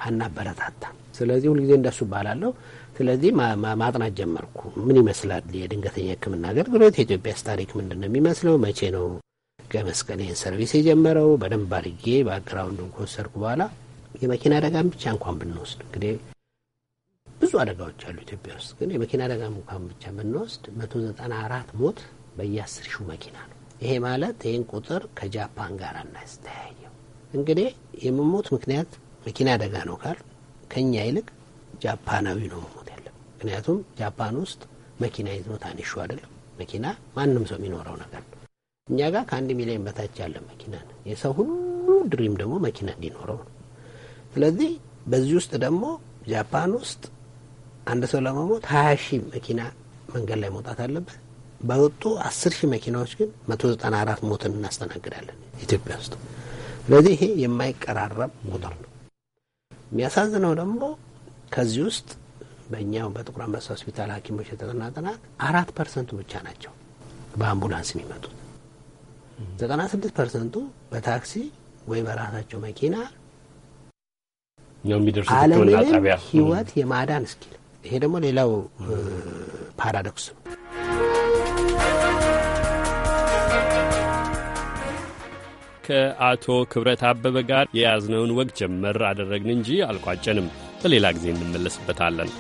አናበረታታም። ስለዚህ ሁልጊዜ እንደሱ ባላለሁ ስለዚህ ማጥናት ጀመርኩ። ምን ይመስላል የድንገተኛ ሕክምና አገልግሎት የኢትዮጵያስ ታሪክ ምንድን ነው የሚመስለው? መቼ ነው ገመስቀል ይህን ሰርቪስ የጀመረው? በደንብ አድርጌ በአገራውንዱን ከወሰድኩ በኋላ የመኪና አደጋም ብቻ እንኳን ብንወስድ እንግዲህ ብዙ አደጋዎች አሉ ኢትዮጵያ ውስጥ ግን የመኪና አደጋ እንኳን ብቻ ብንወስድ መቶ ዘጠና አራት ሞት በየአስር ሺው መኪና ነው። ይሄ ማለት ይህን ቁጥር ከጃፓን ጋር እናስተያየው። እንግዲህ የምሞት ምክንያት መኪና አደጋ ነው ካል ከኛ ይልቅ ጃፓናዊ ነው ምክንያቱም ጃፓን ውስጥ መኪና ይዞ ታንሹ አይደለም። መኪና ማንም ሰው የሚኖረው ነገር ነው። እኛ ጋር ከአንድ ሚሊዮን በታች ያለ መኪና ነው። የሰው ሁሉ ድሪም ደግሞ መኪና እንዲኖረው ነው። ስለዚህ በዚህ ውስጥ ደግሞ ጃፓን ውስጥ አንድ ሰው ለመሞት ሀያ ሺህ መኪና መንገድ ላይ መውጣት አለበት። በወጡ አስር ሺህ መኪናዎች ግን መቶ ዘጠና አራት ሞትን እናስተናግዳለን ኢትዮጵያ ውስጥ። ስለዚህ ይሄ የማይቀራረብ ቁጥር ነው። የሚያሳዝነው ደግሞ ከዚህ ውስጥ በእኛው በጥቁር አንበሳ ሆስፒታል ሐኪሞች የተጠና ጥናት አራት ፐርሰንቱ ብቻ ናቸው በአምቡላንስ የሚመጡት። ዘጠና ስድስት ፐርሰንቱ በታክሲ ወይ በራሳቸው መኪና ዓለምንም ህይወት የማዳን እስኪል። ይሄ ደግሞ ሌላው ፓራዶክስ ነው። ከአቶ ክብረት አበበ ጋር የያዝነውን ወግ ጀመር አደረግን እንጂ አልቋጨንም። በሌላ ጊዜ እንመለስበታለን።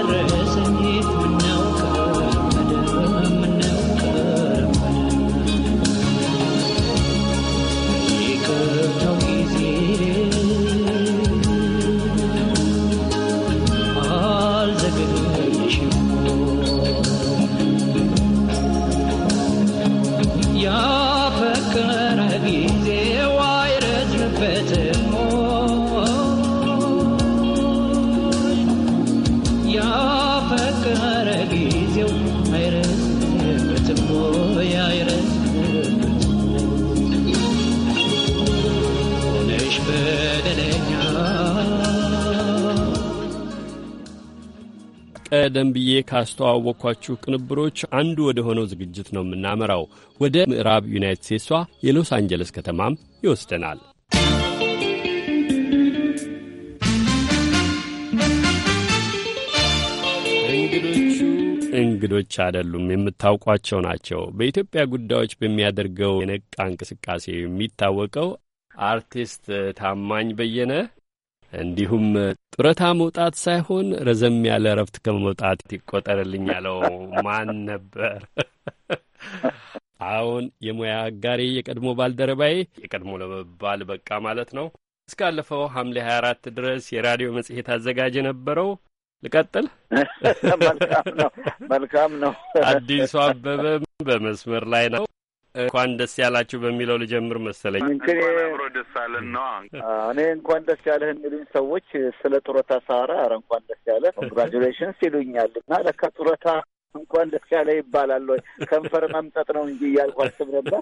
vere ቀደም ብዬ ካስተዋወቅኳችሁ ቅንብሮች አንዱ ወደ ሆነው ዝግጅት ነው የምናመራው። ወደ ምዕራብ ዩናይትድ ስቴትሷ የሎስ አንጀለስ ከተማም ይወስደናል። እንግዶች አይደሉም፣ የምታውቋቸው ናቸው። በኢትዮጵያ ጉዳዮች በሚያደርገው የነቃ እንቅስቃሴ የሚታወቀው አርቲስት ታማኝ በየነ እንዲሁም ጡረታ መውጣት ሳይሆን ረዘም ያለ እረፍት ከመውጣት ይቆጠርልኝ ያለው ማን ነበር? አሁን የሙያ አጋሬ የቀድሞ ባልደረባዬ የቀድሞ ለመባል በቃ ማለት ነው። እስካለፈው ሐምሌ 24 ድረስ የራዲዮ መጽሔት አዘጋጅ የነበረው ልቀጥል። መልካም ነው መልካም ነው። አዲሱ አበበም በመስመር ላይ ነው። እንኳን ደስ ያላችሁ በሚለው ልጀምር መሰለኝ። እንግዲህ አብሮ ደስ አለን ነዋ። እኔ እንኳን ደስ ያለህ የሚሉኝ ሰዎች ስለ ጡረታ ሳወራ ኧረ እንኳን ደስ ያለህ ኮንግራጁሌሽንስ ይሉኛል እና ለካ ጡረታ እንኳን ደስ ያለ ይባላል ወይ ከንፈር መምጠጥ ነው እንጂ እያልኩ አስብ ነበር።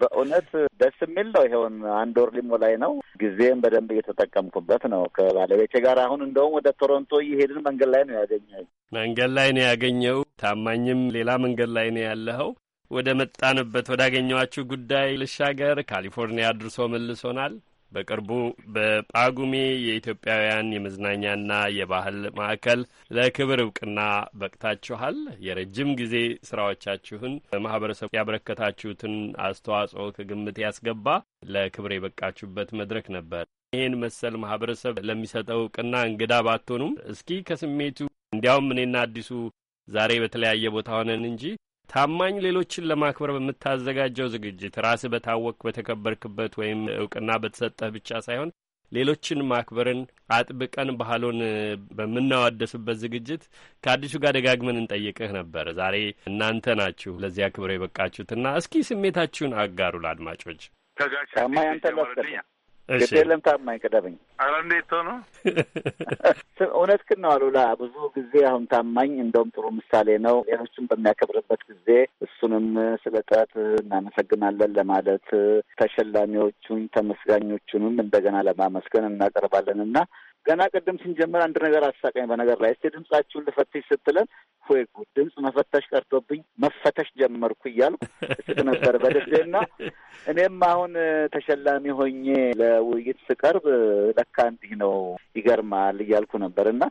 በእውነት ደስ የሚል ነው። ይኸውን አንድ ወር ሊሞ ላይ ነው። ጊዜም በደንብ እየተጠቀምኩበት ነው ከባለቤቴ ጋር። አሁን እንደውም ወደ ቶሮንቶ እየሄድን መንገድ ላይ ነው ያገኘ መንገድ ላይ ነው ያገኘው ታማኝም ሌላ መንገድ ላይ ነው ያለኸው ወደ መጣንበት ወዳገኘዋችሁ ጉዳይ ልሻገር። ካሊፎርኒያ አድርሶ መልሶናል። በቅርቡ በጳጉሜ የኢትዮጵያውያን የመዝናኛና የባህል ማዕከል ለክብር እውቅና በቅታችኋል። የረጅም ጊዜ ስራዎቻችሁን በማህበረሰቡ ያበረከታችሁትን አስተዋጽኦ ከግምት ያስገባ ለክብር የበቃችሁበት መድረክ ነበር። ይህን መሰል ማህበረሰብ ለሚሰጠው እውቅና እንግዳ ባትሆኑም እስኪ ከስሜቱ እንዲያውም እኔና አዲሱ ዛሬ በተለያየ ቦታ ሆነን እንጂ ታማኝ ሌሎችን ለማክበር በምታዘጋጀው ዝግጅት ራስ በታወቅ በተከበርክበት ወይም እውቅና በተሰጠህ ብቻ ሳይሆን ሌሎችን ማክበርን አጥብቀን ባህሉን በምናዋደስበት ዝግጅት ከአዲሱ ጋር ደጋግመን እንጠይቅህ ነበር። ዛሬ እናንተ ናችሁ ለዚያ ክብር የበቃችሁትና እስኪ ስሜታችሁን አጋሩ ለአድማጮች። የለም ታማኝ ቅደብኝ። ኧረ እንዴት ሆኖ ክን ነው አሉላ። ብዙ ጊዜ አሁን ታማኝ እንደውም ጥሩ ምሳሌ ነው። ሌሎችን በሚያከብርበት ጊዜ እሱንም ስለ ጥረት እናመሰግናለን ለማለት ተሸላሚዎቹን ተመስጋኞቹንም እንደገና ለማመስገን እናቀርባለን እና ገና ቅድም ስንጀምር አንድ ነገር አሳቀኝ። በነገር ላይ እስቲ ድምጻችሁን ልፈትሽ ስትለን ሆይ ጉድ ድምፅ መፈተሽ ቀርቶብኝ መፈተሽ ጀመርኩ እያልኩ እስቅ ነበር በደስና እኔም አሁን ተሸላሚ ሆኜ ለውይይት ስቀርብ ለካ እንዲህ ነው ይገርማል እያልኩ ነበር እና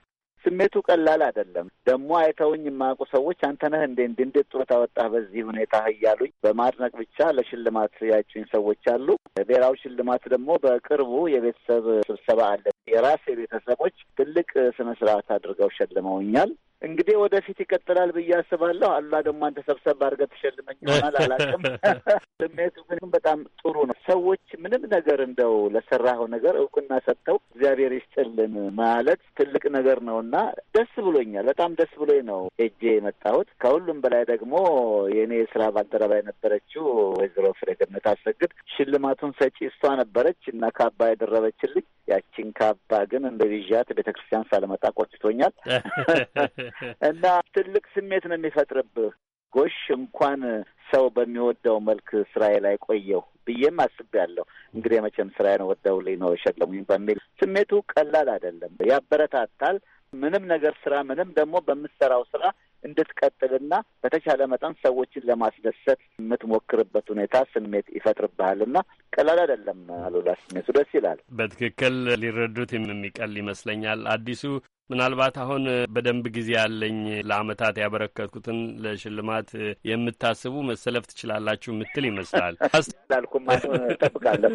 ስሜቱ ቀላል አይደለም። ደግሞ አይተውኝ የማያውቁ ሰዎች አንተ ነህ እንዴ እንዴት ጡረታ ወጣህ በዚህ ሁኔታ እያሉኝ በማድነቅ ብቻ ለሽልማት ያጩኝ ሰዎች አሉ። ሌላው ሽልማት ደግሞ በቅርቡ የቤተሰብ ስብሰባ አለ። የራሴ ቤተሰቦች ትልቅ ስነ ስርዓት አድርገው ሸልመውኛል። እንግዲህ ወደፊት ይቀጥላል ብዬ አስባለሁ። አላ ደግሞ አንተ ሰብሰብ አድርገህ ትሸልመኝ ይሆናል አላውቅም። ስሜቱ ግን በጣም ጥሩ ነው። ሰዎች ምንም ነገር እንደው ለሰራኸው ነገር እውቅና ሰጥተው እግዚአብሔር ይስጥልን ማለት ትልቅ ነገር ነው እና ደስ ብሎኛል። በጣም ደስ ብሎኝ ነው ሄጄ የመጣሁት። ከሁሉም በላይ ደግሞ የእኔ የስራ ባልደረባ የነበረችው ወይዘሮ ፍሬገነት አሰግድ ሽልማቱን ሰጪ እሷ ነበረች እና ካባ ያደረበችልኝ ያቺን ካባ ግን እንደ ይዣት ቤተክርስቲያን ሳለመጣ ሳልመጣ ቆጭቶኛል። እና ትልቅ ስሜት ነው የሚፈጥርብህ። ጎሽ እንኳን ሰው በሚወደው መልክ ስራዬ ላይ ቆየሁ ብዬም አስቤያለሁ። እንግዲህ መቼም ስራዬን ወደውልኝ ነው የሸለሙኝ በሚል ስሜቱ ቀላል አይደለም፣ ያበረታታል። ምንም ነገር ስራ ምንም ደግሞ በምትሰራው ስራ እንድትቀጥልና በተቻለ መጠን ሰዎችን ለማስደሰት የምትሞክርበት ሁኔታ ስሜት ይፈጥርብሃልና ቀላል አይደለም አሉላ። ስሜቱ ደስ ይላል። በትክክል ሊረዱት የሚቀል ይመስለኛል። አዲሱ ምናልባት አሁን በደንብ ጊዜ ያለኝ ለአመታት ያበረከትኩትን ለሽልማት የምታስቡ መሰለፍ ትችላላችሁ ምትል ይመስላል። እንዳልኩም ጠብቃለሁ።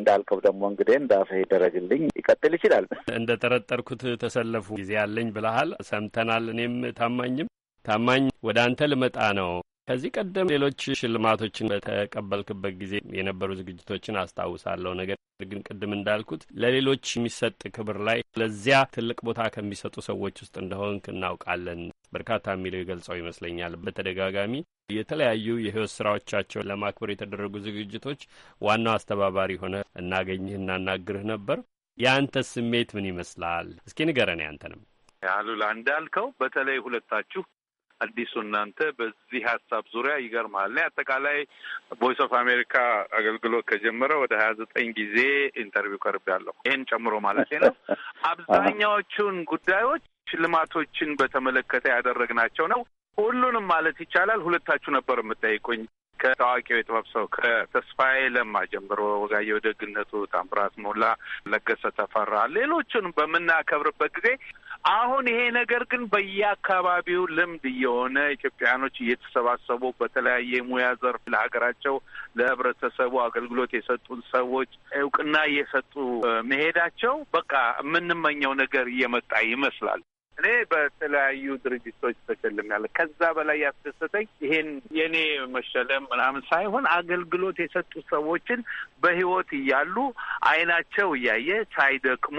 እንዳልከው ደግሞ እንግዲህ እንዳፈ ይደረግልኝ ይቀጥል ይችላል። እንደ ጠረጠርኩት ተሰለፉ ጊዜ ያለኝ ብልሃል ሰምተናል። እኔም ታማኝም ታማኝ ወደ አንተ ልመጣ ነው። ከዚህ ቀደም ሌሎች ሽልማቶችን በተቀበልክበት ጊዜ የነበሩ ዝግጅቶችን አስታውሳለሁ። ነገር ግን ቅድም እንዳልኩት ለሌሎች የሚሰጥ ክብር ላይ ለዚያ ትልቅ ቦታ ከሚሰጡ ሰዎች ውስጥ እንደሆንክ እናውቃለን። በርካታ የሚለው ገልጸው ይመስለኛል። በተደጋጋሚ የተለያዩ የህይወት ስራዎቻቸውን ለማክበር የተደረጉ ዝግጅቶች ዋናው አስተባባሪ ሆነ እናገኝህ እናናግርህ ነበር። የአንተ ስሜት ምን ይመስላል? እስኪ ንገረን። ያንተንም አሉላ እንዳልከው በተለይ ሁለታችሁ አዲሱ እናንተ በዚህ ሀሳብ ዙሪያ ይገርመሃል። እኔ አጠቃላይ ቮይስ ኦፍ አሜሪካ አገልግሎት ከጀመረ ወደ ሀያ ዘጠኝ ጊዜ ኢንተርቪው ቀርቤያለሁ፣ ይህን ጨምሮ ማለት ነው። አብዛኛዎቹን ጉዳዮች ሽልማቶችን በተመለከተ ያደረግናቸው ነው። ሁሉንም ማለት ይቻላል። ሁለታችሁ ነበር የምጠይቁኝ ከታዋቂው የጥበብ ሰው ከተስፋዬ ለማ ጀምሮ ወጋየሁ ደግነቱ፣ ታምራት ሞላ፣ ለገሰ ተፈራ ሌሎቹን በምናከብርበት ጊዜ አሁን ይሄ ነገር ግን በየአካባቢው ልምድ እየሆነ ኢትዮጵያኖች እየተሰባሰቡ በተለያየ ሙያ ዘርፍ ለሀገራቸው ለህብረተሰቡ አገልግሎት የሰጡን ሰዎች እውቅና እየሰጡ መሄዳቸው በቃ የምንመኘው ነገር እየመጣ ይመስላል። እኔ በተለያዩ ድርጅቶች ተሸልሜያለሁ። ከዛ በላይ ያስደሰተኝ ይሄን የኔ መሸለም ምናምን ሳይሆን አገልግሎት የሰጡ ሰዎችን በህይወት እያሉ አይናቸው እያየ ሳይደክሙ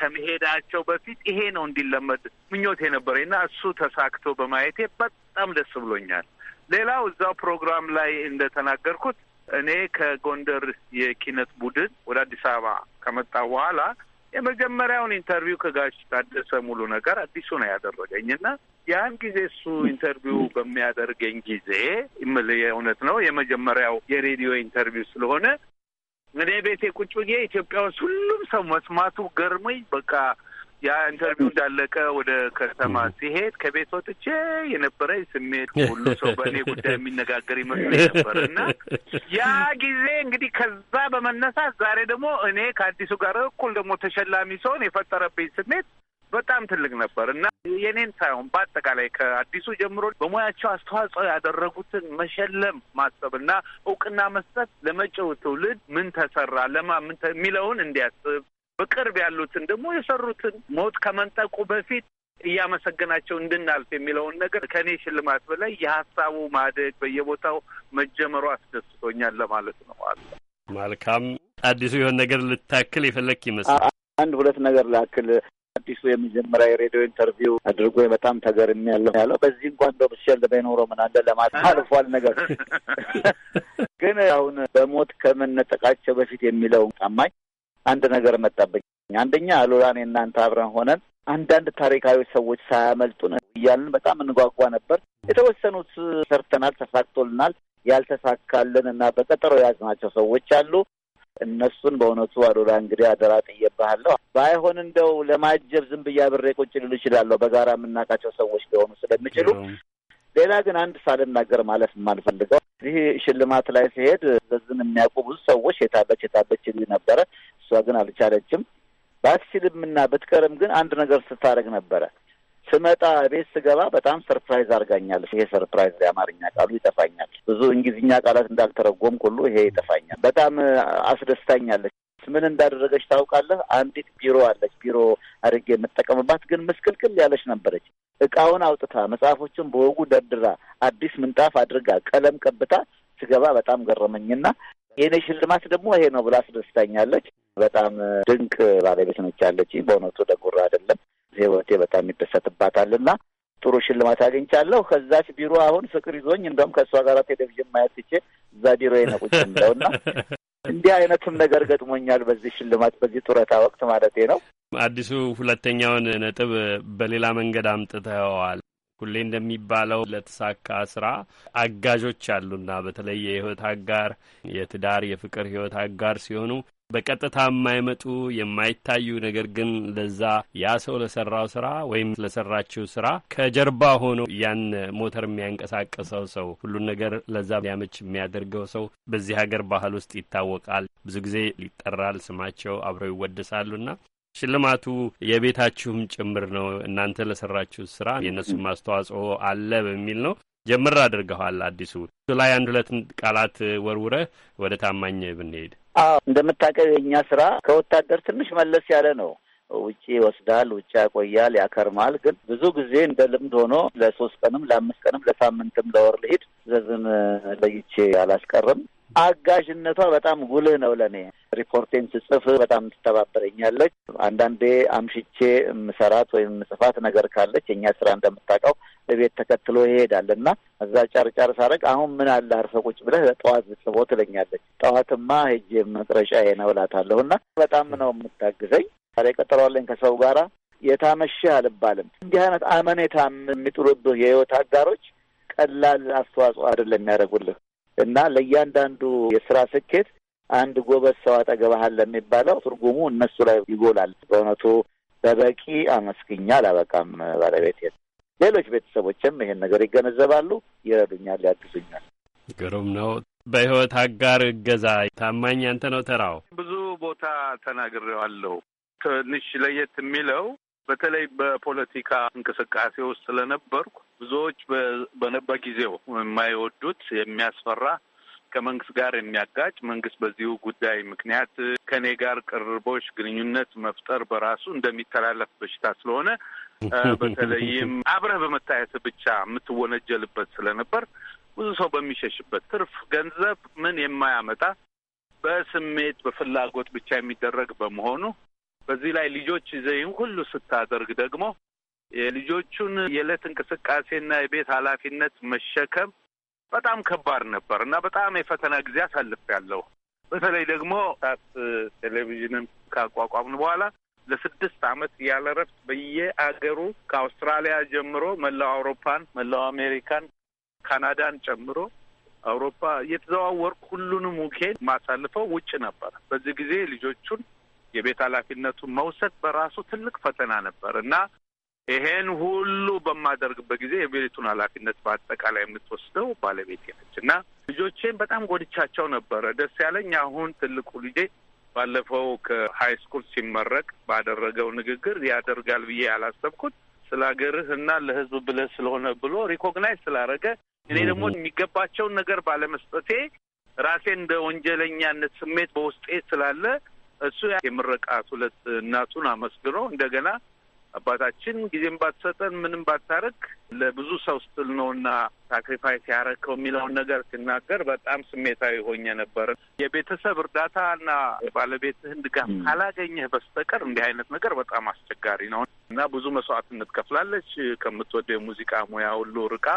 ከመሄዳቸው በፊት ይሄ ነው እንዲለመድ ምኞት የነበረ እና እሱ ተሳክቶ በማየቴ በጣም ደስ ብሎኛል። ሌላው እዛው ፕሮግራም ላይ እንደተናገርኩት እኔ ከጎንደር የኪነት ቡድን ወደ አዲስ አበባ ከመጣ በኋላ የመጀመሪያውን ኢንተርቪው ከጋሽ ታደሰ ሙሉ ነገር አዲሱ ነው ያደረገኝ እና ያን ጊዜ እሱ ኢንተርቪው በሚያደርገኝ ጊዜ ምል የእውነት ነው የመጀመሪያው የሬዲዮ ኢንተርቪው ስለሆነ እኔ ቤቴ ቁጭ ብዬ ኢትዮጵያ ውስጥ ሁሉም ሰው መስማቱ ገርሞኝ በቃ ያ ኢንተርቪው እንዳለቀ ወደ ከተማ ሲሄድ ከቤት ወጥቼ የነበረ ስሜት ሁሉ ሰው በእኔ ጉዳይ የሚነጋገር ይመስል ነበር እና ያ ጊዜ እንግዲህ ከዛ በመነሳት ዛሬ ደግሞ እኔ ከአዲሱ ጋር እኩል ደግሞ ተሸላሚ ሲሆን የፈጠረብኝ ስሜት በጣም ትልቅ ነበር እና የኔን ሳይሆን በአጠቃላይ ከአዲሱ ጀምሮ በሙያቸው አስተዋጽኦ ያደረጉትን መሸለም ማሰብ እና እውቅና መስጠት ለመጪው ትውልድ ምን ተሰራ ለማ የሚለውን እንዲያስብ በቅርብ ያሉትን ደግሞ የሰሩትን ሞት ከመንጠቁ በፊት እያመሰገናቸው እንድናልፍ የሚለውን ነገር ከእኔ ሽልማት በላይ የሀሳቡ ማደግ በየቦታው መጀመሩ አስደስቶኛል ለማለት ነው። አለ መልካም አዲሱ የሆን ነገር ልታክል የፈለክ ይመስላል። አንድ ሁለት ነገር ላክል። አዲሱ የመጀመሪያ የሬዲዮ ኢንተርቪው አድርጎ በጣም ተገርም ያለው ያለው በዚህ እንኳን እንደ ብሸል ምን አለ ለማለት አልፏል። ነገር ግን አሁን በሞት ከመነጠቃቸው በፊት የሚለው ጣማኝ አንድ ነገር መጣብኝ። አንደኛ ሎላኔ እናንተ አብረን ሆነን አንዳንድ ታሪካዊ ሰዎች ሳያመልጡን እያልን በጣም እንጓጓ ነበር። የተወሰኑት ሰርተናል፣ ተሳክቶልናል። ያልተሳካልን እና በቀጠሮ የያዝናቸው ሰዎች አሉ። እነሱን በእውነቱ አዶላ እንግዲህ አደራ ጥዬብሃለሁ። ባይሆን እንደው ለማጀብ ዝም ብዬ አብሬ ቁጭ ልል እችላለሁ፣ በጋራ የምናውቃቸው ሰዎች ሊሆኑ ስለሚችሉ። ሌላ ግን አንድ ሳልናገር ማለፍ የማልፈልገው ይህ ሽልማት ላይ ሲሄድ ለዝን የሚያውቁ ብዙ ሰዎች የታበች የታበች ይሉ ነበረ። እሷ ግን አልቻለችም። ባትችልም እና ብትቀርም ግን አንድ ነገር ስታደርግ ነበረ። ስመጣ ቤት ስገባ በጣም ሰርፕራይዝ አድርጋኛለች። ይሄ ሰርፕራይዝ የአማርኛ ቃሉ ይጠፋኛል። ብዙ እንግሊዝኛ ቃላት እንዳልተረጎም ሁሉ ይሄ ይጠፋኛል። በጣም አስደስታኛለች። ምን እንዳደረገች ታውቃለህ? አንዲት ቢሮ አለች። ቢሮ አድርጌ የምጠቀምባት ግን ምስቅልቅል ያለች ነበረች። እቃውን አውጥታ መጽሐፎችን በወጉ ደርድራ አዲስ ምንጣፍ አድርጋ ቀለም ቀብታ ስገባ በጣም ገረመኝና የእኔ ሽልማት ደግሞ ይሄ ነው ብላ አስደስታኛለች። በጣም ድንቅ ባለቤት ነች ያለች። በእውነቱ ለጉራ አይደለም ህይወቴ በጣም ይደሰትባታልና ጥሩ ሽልማት አግኝቻለሁ። ከዛች ቢሮ አሁን ፍቅር ይዞኝ እንደውም ከእሷ ጋር ቴሌቪዥን ማየት ትቼ እዛ ቢሮ የነቁጭ ምለውና እንዲህ አይነትም ነገር ገጥሞኛል በዚህ ሽልማት በዚህ ጡረታ ወቅት ማለት ነው። አዲሱ ሁለተኛውን ነጥብ በሌላ መንገድ አምጥተዋል። ሁሌ እንደሚባለው ለተሳካ ስራ አጋዦች አሉና በተለይ የህይወት አጋር፣ የትዳር የፍቅር ህይወት አጋር ሲሆኑ በቀጥታ የማይመጡ የማይታዩ ነገር ግን ለዛ ያ ሰው ለሰራው ስራ ወይም ለሰራችው ስራ ከጀርባ ሆኖ ያን ሞተር የሚያንቀሳቀሰው ሰው ሁሉን ነገር ለዛ ሊያመች የሚያደርገው ሰው በዚህ ሀገር ባህል ውስጥ ይታወቃል። ብዙ ጊዜ ይጠራል ስማቸው፣ አብረው ይወደሳሉና ሽልማቱ የቤታችሁም ጭምር ነው። እናንተ ለሰራችሁ ስራ የእነሱም አስተዋጽኦ አለ በሚል ነው። ጀምር አድርገኋል። አዲሱ ላይ አንድ ሁለት ቃላት ወርውረህ ወደ ታማኝ ብንሄድ፣ አዎ እንደምታውቀው የእኛ ስራ ከወታደር ትንሽ መለስ ያለ ነው። ውጭ ይወስዳል፣ ውጭ ያቆያል፣ ያከርማል። ግን ብዙ ጊዜ እንደ ልምድ ሆኖ ለሶስት ቀንም ለአምስት ቀንም ለሳምንትም ለወር ልሂድ ዘዝን ለይቼ አላስቀርም። አጋዥነቷ በጣም ጉልህ ነው ለእኔ። ሪፖርቴን ስጽፍ በጣም ትተባበረኛለች። አንዳንዴ አምሽቼ ምሰራት ወይም ምጽፋት ነገር ካለች የእኛ ስራ እንደምታውቀው እቤት ተከትሎ ይሄዳል እና እዛ ጫርጫር ሳረግ አሁን ምን አለ አርፈህ ቁጭ ብለህ ጠዋት ብጽፎ ትለኛለች። ጠዋትማ ሄጄ መቅረጫ ነው እላታለሁ እና በጣም ነው የምታግዘኝ። ዛሬ ቀጠሯለኝ ከሰው ጋራ የታመሽህ አልባልም። እንዲህ አይነት አመኔታ የሚጥሩብህ የህይወት አጋሮች ቀላል አስተዋጽኦ አይደለም የሚያደርጉልህ። እና ለእያንዳንዱ የስራ ስኬት አንድ ጎበዝ ሰው አጠገባህ ለሚባለው ትርጉሙ እነሱ ላይ ይጎላል። በእውነቱ በበቂ አመስግኛ አላበቃም ባለቤት ሌሎች ቤተሰቦችም ይሄን ነገር ይገነዘባሉ፣ ይረዱኛል፣ ያግዙኛል። ግሩም ነው። በህይወት አጋር እገዛ ታማኝ አንተ ነው ተራው። ብዙ ቦታ ተናግሬዋለሁ። ትንሽ ለየት የሚለው በተለይ በፖለቲካ እንቅስቃሴ ውስጥ ስለነበርኩ ብዙዎች በጊዜው የማይወዱት የሚያስፈራ ከመንግስት ጋር የሚያጋጭ መንግስት በዚሁ ጉዳይ ምክንያት ከኔ ጋር ቅርቦች ግንኙነት መፍጠር በራሱ እንደሚተላለፍ በሽታ ስለሆነ በተለይም አብረህ በመታየት ብቻ የምትወነጀልበት ስለነበር ብዙ ሰው በሚሸሽበት ትርፍ ገንዘብ ምን የማያመጣ በስሜት በፍላጎት ብቻ የሚደረግ በመሆኑ በዚህ ላይ ልጆች ይዘህ ሁሉ ስታደርግ ደግሞ የልጆቹን የዕለት እንቅስቃሴና የቤት ኃላፊነት መሸከም በጣም ከባድ ነበር እና በጣም የፈተና ጊዜ ያለው በተለይ ደግሞ ሳት ቴሌቪዥንን ካቋቋምን በኋላ ለስድስት ዓመት ያለ እረፍት በየአገሩ ከአውስትራሊያ ጀምሮ መላው አውሮፓን፣ መላው አሜሪካን፣ ካናዳን ጨምሮ አውሮፓ እየተዘዋወርኩ ሁሉንም ውኬን ማሳልፈው ውጭ ነበር። በዚህ ጊዜ ልጆቹን የቤት ኃላፊነቱን መውሰድ በራሱ ትልቅ ፈተና ነበር እና ይሄን ሁሉ በማደርግበት ጊዜ የቤቱን ኃላፊነት በአጠቃላይ የምትወስደው ባለቤቴ ነች እና ልጆቼን በጣም ጎድቻቸው ነበረ። ደስ ያለኝ አሁን ትልቁ ልጄ ባለፈው ከሀይ ስኩል ሲመረቅ ባደረገው ንግግር ያደርጋል ብዬ ያላሰብኩት ስለ ሀገርህ እና ለህዝብ ብለህ ስለሆነ ብሎ ሪኮግናይዝ ስላደረገ እኔ ደግሞ የሚገባቸውን ነገር ባለመስጠቴ ራሴ እንደ ወንጀለኛነት ስሜት በውስጤ ስላለ እሱ የምረቃት ሁለት እናቱን አመስግኖ እንደገና አባታችን ጊዜም ባትሰጠን ምንም ባታረግ ለብዙ ሰው ስትል ነው ሳክሪፋይስ ያረከው የሚለውን ነገር ሲናገር በጣም ስሜታዊ ሆኜ ነበር። የቤተሰብ እርዳታ እና የባለቤትህን ድጋፍ ካላገኘህ በስተቀር እንዲህ አይነት ነገር በጣም አስቸጋሪ ነው እና ብዙ መስዋዕትነት ከፍላለች። ከምትወደው የሙዚቃ ሙያ ሁሉ ርቃ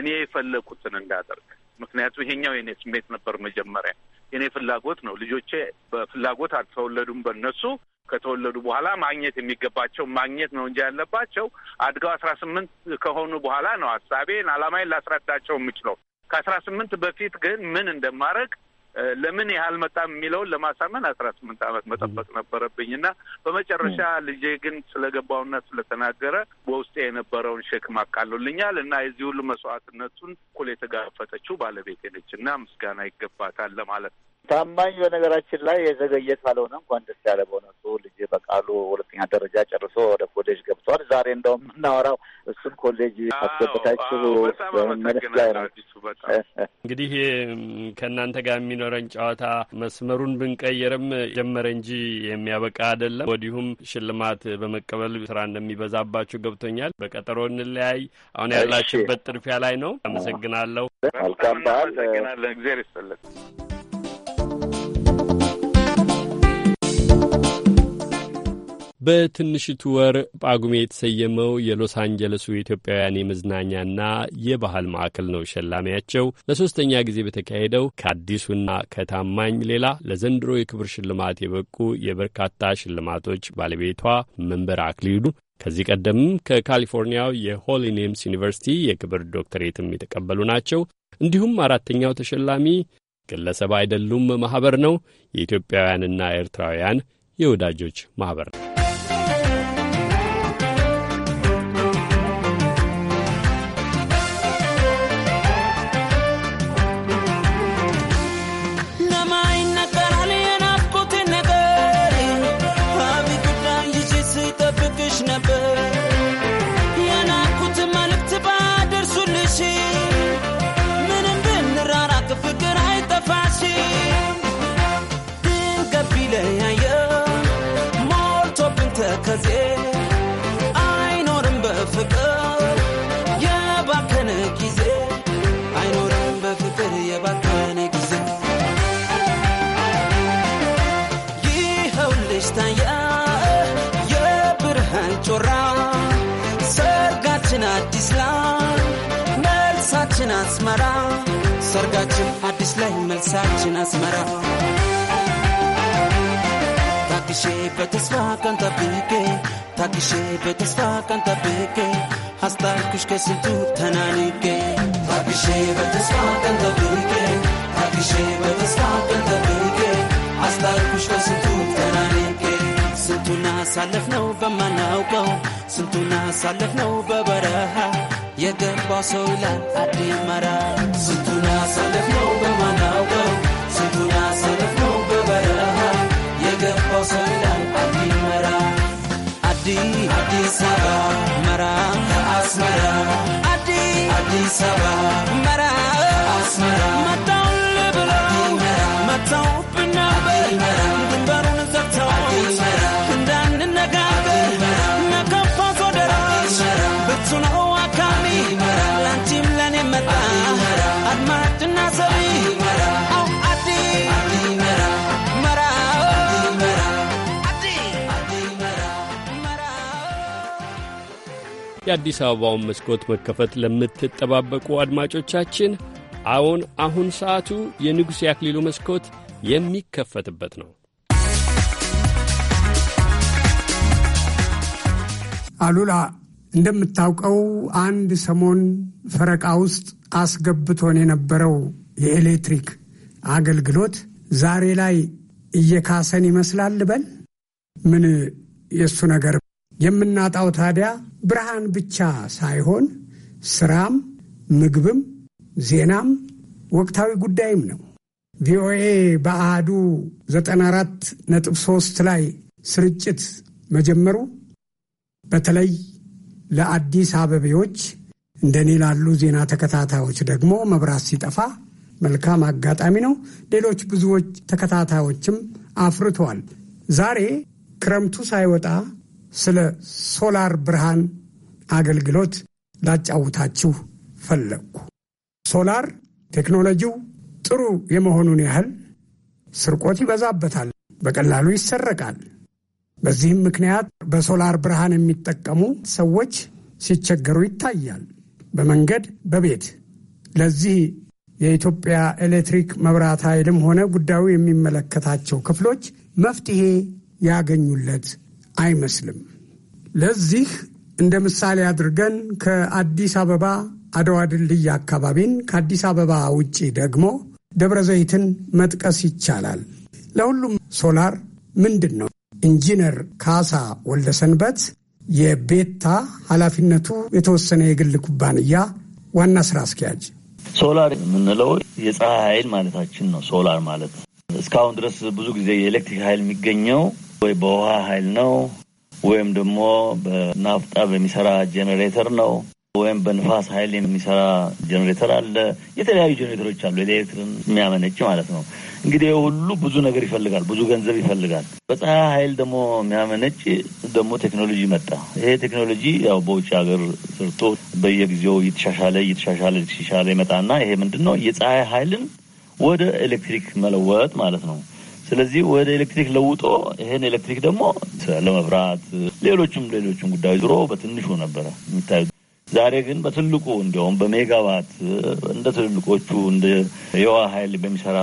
እኔ የፈለኩትን እንዳደርግ ምክንያቱም ይሄኛው የኔ ስሜት ነበር መጀመሪያ የኔ ፍላጎት ነው። ልጆቼ በፍላጎት አልተወለዱም። በእነሱ ከተወለዱ በኋላ ማግኘት የሚገባቸው ማግኘት ነው እንጂ ያለባቸው አድገው አስራ ስምንት ከሆኑ በኋላ ነው ሀሳቤን አላማዬን ላስረዳቸው የምችለው። ከአስራ ስምንት በፊት ግን ምን እንደማድረግ ለምን ያህል መጣም የሚለውን ለማሳመን አስራ ስምንት ዓመት መጠበቅ ነበረብኝ እና በመጨረሻ ልጄ ግን ስለገባውና ስለተናገረ በውስጤ የነበረውን ሸክም አቃሎልኛል እና የዚህ ሁሉ መስዋዕትነቱን እኩል የተጋፈጠችው ባለቤቴ ነች እና ምስጋና ይገባታል ለማለት ነው። ታማኝ በነገራችን ላይ የዘገየ ካልሆነ እንኳን ደስ ያለ። በእውነቱ ልጅ በቃሉ ሁለተኛ ደረጃ ጨርሶ ወደ ኮሌጅ ገብቷል። ዛሬ እንደውም የምናወራው እሱን ኮሌጅ አስገብታችሁ መለስ ላይ ነው። እንግዲህ ከእናንተ ጋር የሚኖረን ጨዋታ መስመሩን ብንቀየርም ጀመረ እንጂ የሚያበቃ አይደለም። ወዲሁም ሽልማት በመቀበል ስራ እንደሚበዛባችሁ ገብቶኛል። በቀጠሮ እንለያይ። አሁን ያላችሁበት ጥድፊያ ላይ ነው። አመሰግናለሁ። መልካም በዓል። አመሰግናለን። ይስጥልን። በትንሽቱ ወር ጳጉሜ የተሰየመው የሎስ አንጀለሱ የኢትዮጵያውያን የመዝናኛና የባህል ማዕከል ነው። ሸላሚያቸው ለሶስተኛ ጊዜ በተካሄደው ከአዲሱና ከታማኝ ሌላ ለዘንድሮ የክብር ሽልማት የበቁ የበርካታ ሽልማቶች ባለቤቷ መንበር አክሊሉ ከዚህ ቀደምም ከካሊፎርኒያው የሆሊ ኔምስ ዩኒቨርሲቲ የክብር ዶክተሬትም የተቀበሉ ናቸው። እንዲሁም አራተኛው ተሸላሚ ግለሰብ አይደሉም፣ ማኅበር ነው። የኢትዮጵያውያንና ኤርትራውያን የወዳጆች ማኅበር ነው። ሰርጋችን አዲስ ላይ መልሳችን አስመራ ታግሼ በተስፋ ቀን ጠብቄ ታግሼ በተስፋ ቀን ጠብቄ አስታርኩሽ ከስንቱ ተናንቄ ታግሼ በተስፋ ቀን ጠብቄ ታግሼ በተስፋ ቀን ጠብቄ አስታርኩሽ ከስንቱ ተናንቄ ስንቱን አሳለፍነው በማናውቀው ስንቱን አሳለፍነው በበረሃ የገባ ሰው ላን አዲስ መራ ስንቱን አሳለፍ ነው በማናውቀው ስንቱን አሳለፍ ነው በበረሃ የገባ ሰው ይላል አዲስ መራ አዲስ አዲስ አበባ መራ ከአስመራ አዲ አዲስ አበባ መራ አስመራ የአዲስ አበባውን መስኮት መከፈት ለምትጠባበቁ አድማጮቻችን፣ አዎን አሁን ሰዓቱ የንጉሥ ያክሊሉ መስኮት የሚከፈትበት ነው። አሉላ እንደምታውቀው አንድ ሰሞን ፈረቃ ውስጥ አስገብቶን የነበረው የኤሌክትሪክ አገልግሎት ዛሬ ላይ እየካሰን ይመስላል። በል ምን የእሱ ነገር የምናጣው ታዲያ ብርሃን ብቻ ሳይሆን ስራም፣ ምግብም፣ ዜናም ወቅታዊ ጉዳይም ነው። ቪኦኤ በአሃዱ 94 ነጥብ 3 ላይ ስርጭት መጀመሩ በተለይ ለአዲስ አበቤዎች እንደኔ ላሉ ዜና ተከታታዮች ደግሞ መብራት ሲጠፋ መልካም አጋጣሚ ነው። ሌሎች ብዙዎች ተከታታዮችም አፍርተዋል። ዛሬ ክረምቱ ሳይወጣ ስለ ሶላር ብርሃን አገልግሎት ላጫውታችሁ ፈለግኩ። ሶላር ቴክኖሎጂው ጥሩ የመሆኑን ያህል ስርቆት ይበዛበታል፣ በቀላሉ ይሰረቃል። በዚህም ምክንያት በሶላር ብርሃን የሚጠቀሙ ሰዎች ሲቸገሩ ይታያል፣ በመንገድ በቤት። ለዚህ የኢትዮጵያ ኤሌክትሪክ መብራት ኃይልም ሆነ ጉዳዩ የሚመለከታቸው ክፍሎች መፍትሄ ያገኙለት አይመስልም። ለዚህ እንደ ምሳሌ አድርገን ከአዲስ አበባ አድዋ ድልድይ አካባቢን ከአዲስ አበባ ውጪ ደግሞ ደብረ ዘይትን መጥቀስ ይቻላል። ለሁሉም ሶላር ምንድን ነው? ኢንጂነር ካሳ ወልደሰንበት የቤታ ኃላፊነቱ የተወሰነ የግል ኩባንያ ዋና ስራ አስኪያጅ። ሶላር የምንለው የፀሐይ ኃይል ማለታችን ነው። ሶላር ማለት እስካሁን ድረስ ብዙ ጊዜ የኤሌክትሪክ ኃይል የሚገኘው ወይ በውሃ ኃይል ነው ወይም ደግሞ በናፍጣ በሚሰራ ጄኔሬተር ነው ወይም በንፋስ ኃይል የሚሰራ ጀኔሬተር አለ። የተለያዩ ጀኔሬተሮች አሉ፣ ኤሌክትርን የሚያመነጭ ማለት ነው። እንግዲህ ሁሉ ብዙ ነገር ይፈልጋል፣ ብዙ ገንዘብ ይፈልጋል። በፀሐይ ኃይል ደግሞ የሚያመነጭ ደግሞ ቴክኖሎጂ መጣ። ይሄ ቴክኖሎጂ ያው በውጭ ሀገር ስርቶ በየጊዜው እየተሻሻለ እየተሻሻለ እየተሻሻለ ይመጣና ይሄ ምንድን ነው የፀሐይ ኃይልን ወደ ኤሌክትሪክ መለወጥ ማለት ነው። ስለዚህ ወደ ኤሌክትሪክ ለውጦ ይሄን ኤሌክትሪክ ደግሞ ለመብራት ሌሎችም ሌሎችም ጉዳዮች ድሮ በትንሹ ነበረ የሚታዩት። ዛሬ ግን በትልቁ እንዲያውም በሜጋዋት እንደ ትልልቆቹ እንደ የውሃ ኃይል በሚሰራ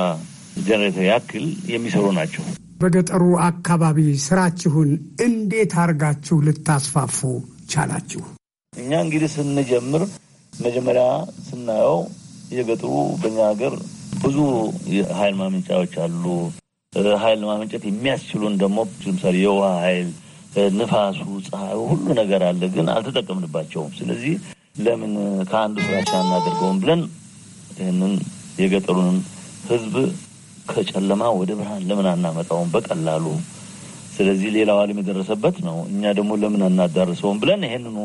ጀኔሬተር ያክል የሚሰሩ ናቸው። በገጠሩ አካባቢ ስራችሁን እንዴት አድርጋችሁ ልታስፋፉ ቻላችሁ? እኛ እንግዲህ ስንጀምር መጀመሪያ ስናየው የገጠሩ በኛ ሀገር ብዙ የኃይል ማመንጫዎች አሉ። ኃይል ለማመንጨት የሚያስችሉን ደግሞ ለምሳሌ የውሃ ኃይል፣ ንፋሱ፣ ፀሐዩ ሁሉ ነገር አለ፣ ግን አልተጠቀምንባቸውም። ስለዚህ ለምን ከአንዱ ስራቻ አናደርገውም ብለን ይህንን የገጠሩንም ህዝብ ከጨለማ ወደ ብርሃን ለምን አናመጣውም በቀላሉ? ስለዚህ ሌላው ዓለም የደረሰበት ነው፣ እኛ ደግሞ ለምን አናዳርሰውም ብለን ይህንኑ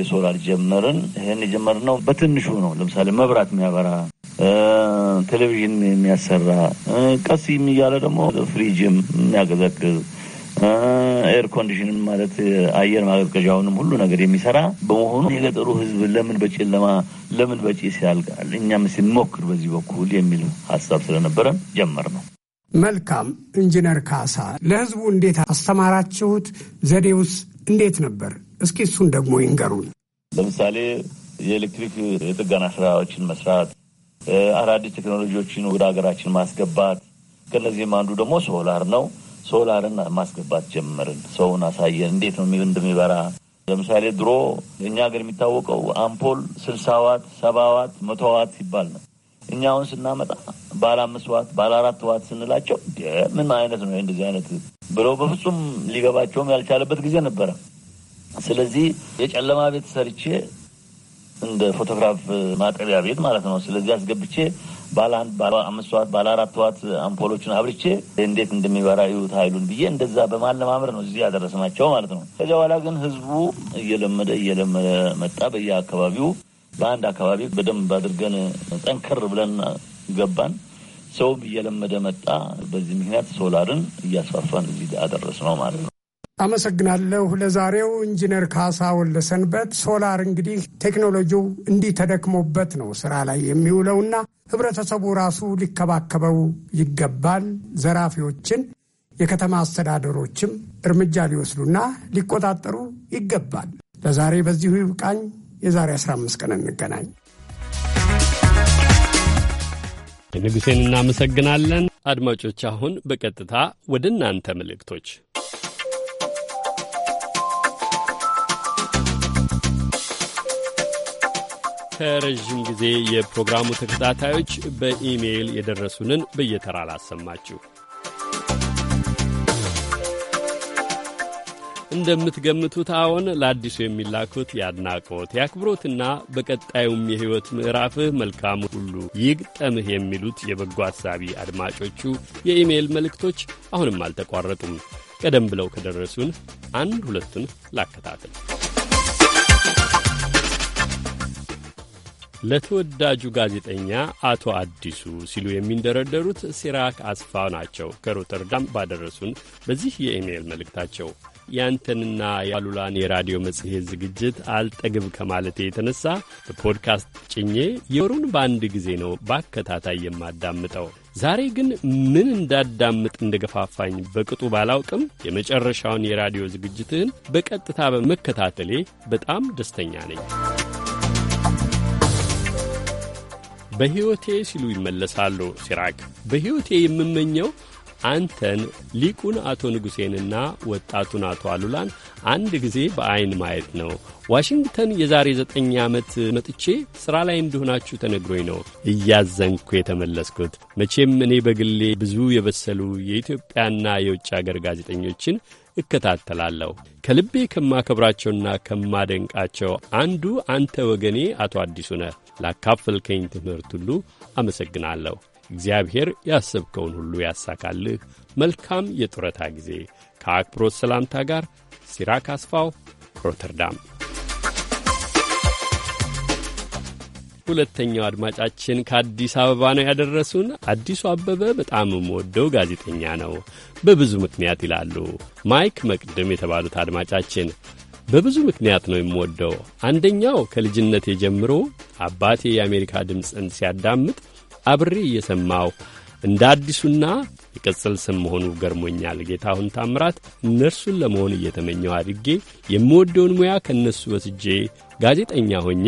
የሶላር ጀመርን። ይህን የጀመርነው በትንሹ ነው። ለምሳሌ መብራት የሚያበራ ቴሌቪዥን የሚያሰራ ቀስ እያለ ደግሞ ፍሪጅም የሚያገዘግዝ ኤር ኮንዲሽንን ማለት አየር ማቀዝቀዣውንም ሁሉ ነገር የሚሰራ በመሆኑ የገጠሩ ሕዝብ ለምን በጨለማ ለምን በጭስ ያልቃል? እኛም ሲሞክር በዚህ በኩል የሚል ሀሳብ ስለነበረ ጀመር ነው። መልካም ኢንጂነር ካሳ ለሕዝቡ እንዴት አስተማራችሁት? ዘዴውስ እንዴት ነበር? እስኪ እሱን ደግሞ ይንገሩን። ለምሳሌ የኤሌክትሪክ የጥገና ስራዎችን መስራት፣ አዳዲስ ቴክኖሎጂዎችን ወደ ሀገራችን ማስገባት፣ ከነዚህም አንዱ ደግሞ ሶላር ነው። ሶላርን ማስገባት ጀመርን። ሰውን አሳየን እንዴት ነው እንደሚበራ። ለምሳሌ ድሮ እኛ ሀገር የሚታወቀው አምፖል ስልሳ ዋት፣ ሰባ ዋት፣ መቶ ዋት ሲባል ነው። እኛ አሁን ስናመጣ ባለ አምስት ዋት ባለ አራት ዋት ስንላቸው ምን አይነት ነው እንደዚህ አይነት ብለው በፍጹም ሊገባቸውም ያልቻለበት ጊዜ ነበረ። ስለዚህ የጨለማ ቤት ሰርቼ እንደ ፎቶግራፍ ማጠቢያ ቤት ማለት ነው። ስለዚህ አስገብቼ ባለ አንድ ባለ አምስት ዋት ባለ አራት ዋት አምፖሎቹን አብርቼ እንዴት እንደሚበራ ይሁት ኃይሉን ብዬ እንደዛ በማለማመር ነው እዚህ ያደረስናቸው ማለት ነው። ከዚያ በኋላ ግን ህዝቡ እየለመደ እየለመደ መጣ። በየአካባቢው በአንድ አካባቢ በደንብ አድርገን ጠንከር ብለን ገባን። ሰውም እየለመደ መጣ። በዚህ ምክንያት ሶላርን እያስፋፋን እዚህ አደረስ ነው ማለት ነው። አመሰግናለሁ። ለዛሬው ኢንጂነር ካሳ ወለሰንበት። ሶላር እንግዲህ ቴክኖሎጂው እንዲህ ተደክሞበት ነው ስራ ላይ የሚውለውና ህብረተሰቡ ራሱ ሊከባከበው ይገባል። ዘራፊዎችን የከተማ አስተዳደሮችም እርምጃ ሊወስዱና ሊቆጣጠሩ ይገባል። ለዛሬ በዚሁ ይብቃኝ። የዛሬ 15 ቀን እንገናኝ። ንጉሴን እናመሰግናለን። አድማጮች አሁን በቀጥታ ወደ እናንተ መልእክቶች ከረዥም ጊዜ የፕሮግራሙ ተከታታዮች በኢሜይል የደረሱንን በየተራ ላሰማችሁ። እንደምትገምቱት አዎን፣ ለአዲሱ የሚላኩት የአድናቆት የአክብሮትና በቀጣዩም የሕይወት ምዕራፍህ መልካም ሁሉ ይግጠምህ የሚሉት የበጎ አሳቢ አድማጮቹ የኢሜይል መልእክቶች አሁንም አልተቋረጡም። ቀደም ብለው ከደረሱን አንድ ሁለቱን ላከታትል። ለተወዳጁ ጋዜጠኛ አቶ አዲሱ ሲሉ የሚንደረደሩት ሲራክ አስፋ ናቸው። ከሮተርዳም ባደረሱን በዚህ የኢሜይል መልእክታቸው ያንተንና የአሉላን የራዲዮ መጽሔት ዝግጅት አልጠግብ ከማለቴ የተነሳ በፖድካስት ጭኜ የወሩን በአንድ ጊዜ ነው በአከታታይ የማዳምጠው። ዛሬ ግን ምን እንዳዳምጥ እንደገፋፋኝ በቅጡ ባላውቅም የመጨረሻውን የራዲዮ ዝግጅትህን በቀጥታ በመከታተሌ በጣም ደስተኛ ነኝ። በሕይወቴ ሲሉ ይመለሳሉ ሲራክ። በሕይወቴ የምመኘው አንተን ሊቁን አቶ ንጉሴንና ወጣቱን አቶ አሉላን አንድ ጊዜ በአይን ማየት ነው። ዋሽንግተን የዛሬ ዘጠኝ ዓመት መጥቼ ሥራ ላይ እንደሆናችሁ ተነግሮኝ ነው እያዘንኩ የተመለስኩት። መቼም እኔ በግሌ ብዙ የበሰሉ የኢትዮጵያና የውጭ አገር ጋዜጠኞችን እከታተላለሁ። ከልቤ ከማከብራቸውና ከማደንቃቸው አንዱ አንተ ወገኔ አቶ አዲሱ ነህ። ላካፈልከኝ ትምህርት ሁሉ አመሰግናለሁ። እግዚአብሔር ያሰብከውን ሁሉ ያሳካልህ። መልካም የጡረታ ጊዜ። ከአክብሮት ሰላምታ ጋር ሲራክ አስፋው ሮተርዳም ሁለተኛው አድማጫችን ከአዲስ አበባ ነው ያደረሱን። አዲሱ አበበ በጣም የምወደው ጋዜጠኛ ነው በብዙ ምክንያት ይላሉ ማይክ መቅድም የተባሉት አድማጫችን። በብዙ ምክንያት ነው የምወደው። አንደኛው ከልጅነቴ ጀምሮ አባቴ የአሜሪካ ድምፅን ሲያዳምጥ አብሬ እየሰማው እንደ አዲሱና የቅጽል ስም መሆኑ ገርሞኛል። ጌታሁን ታምራት እነርሱን ለመሆን እየተመኘው አድጌ የምወደውን ሙያ ከእነሱ ወስጄ ጋዜጠኛ ሆኜ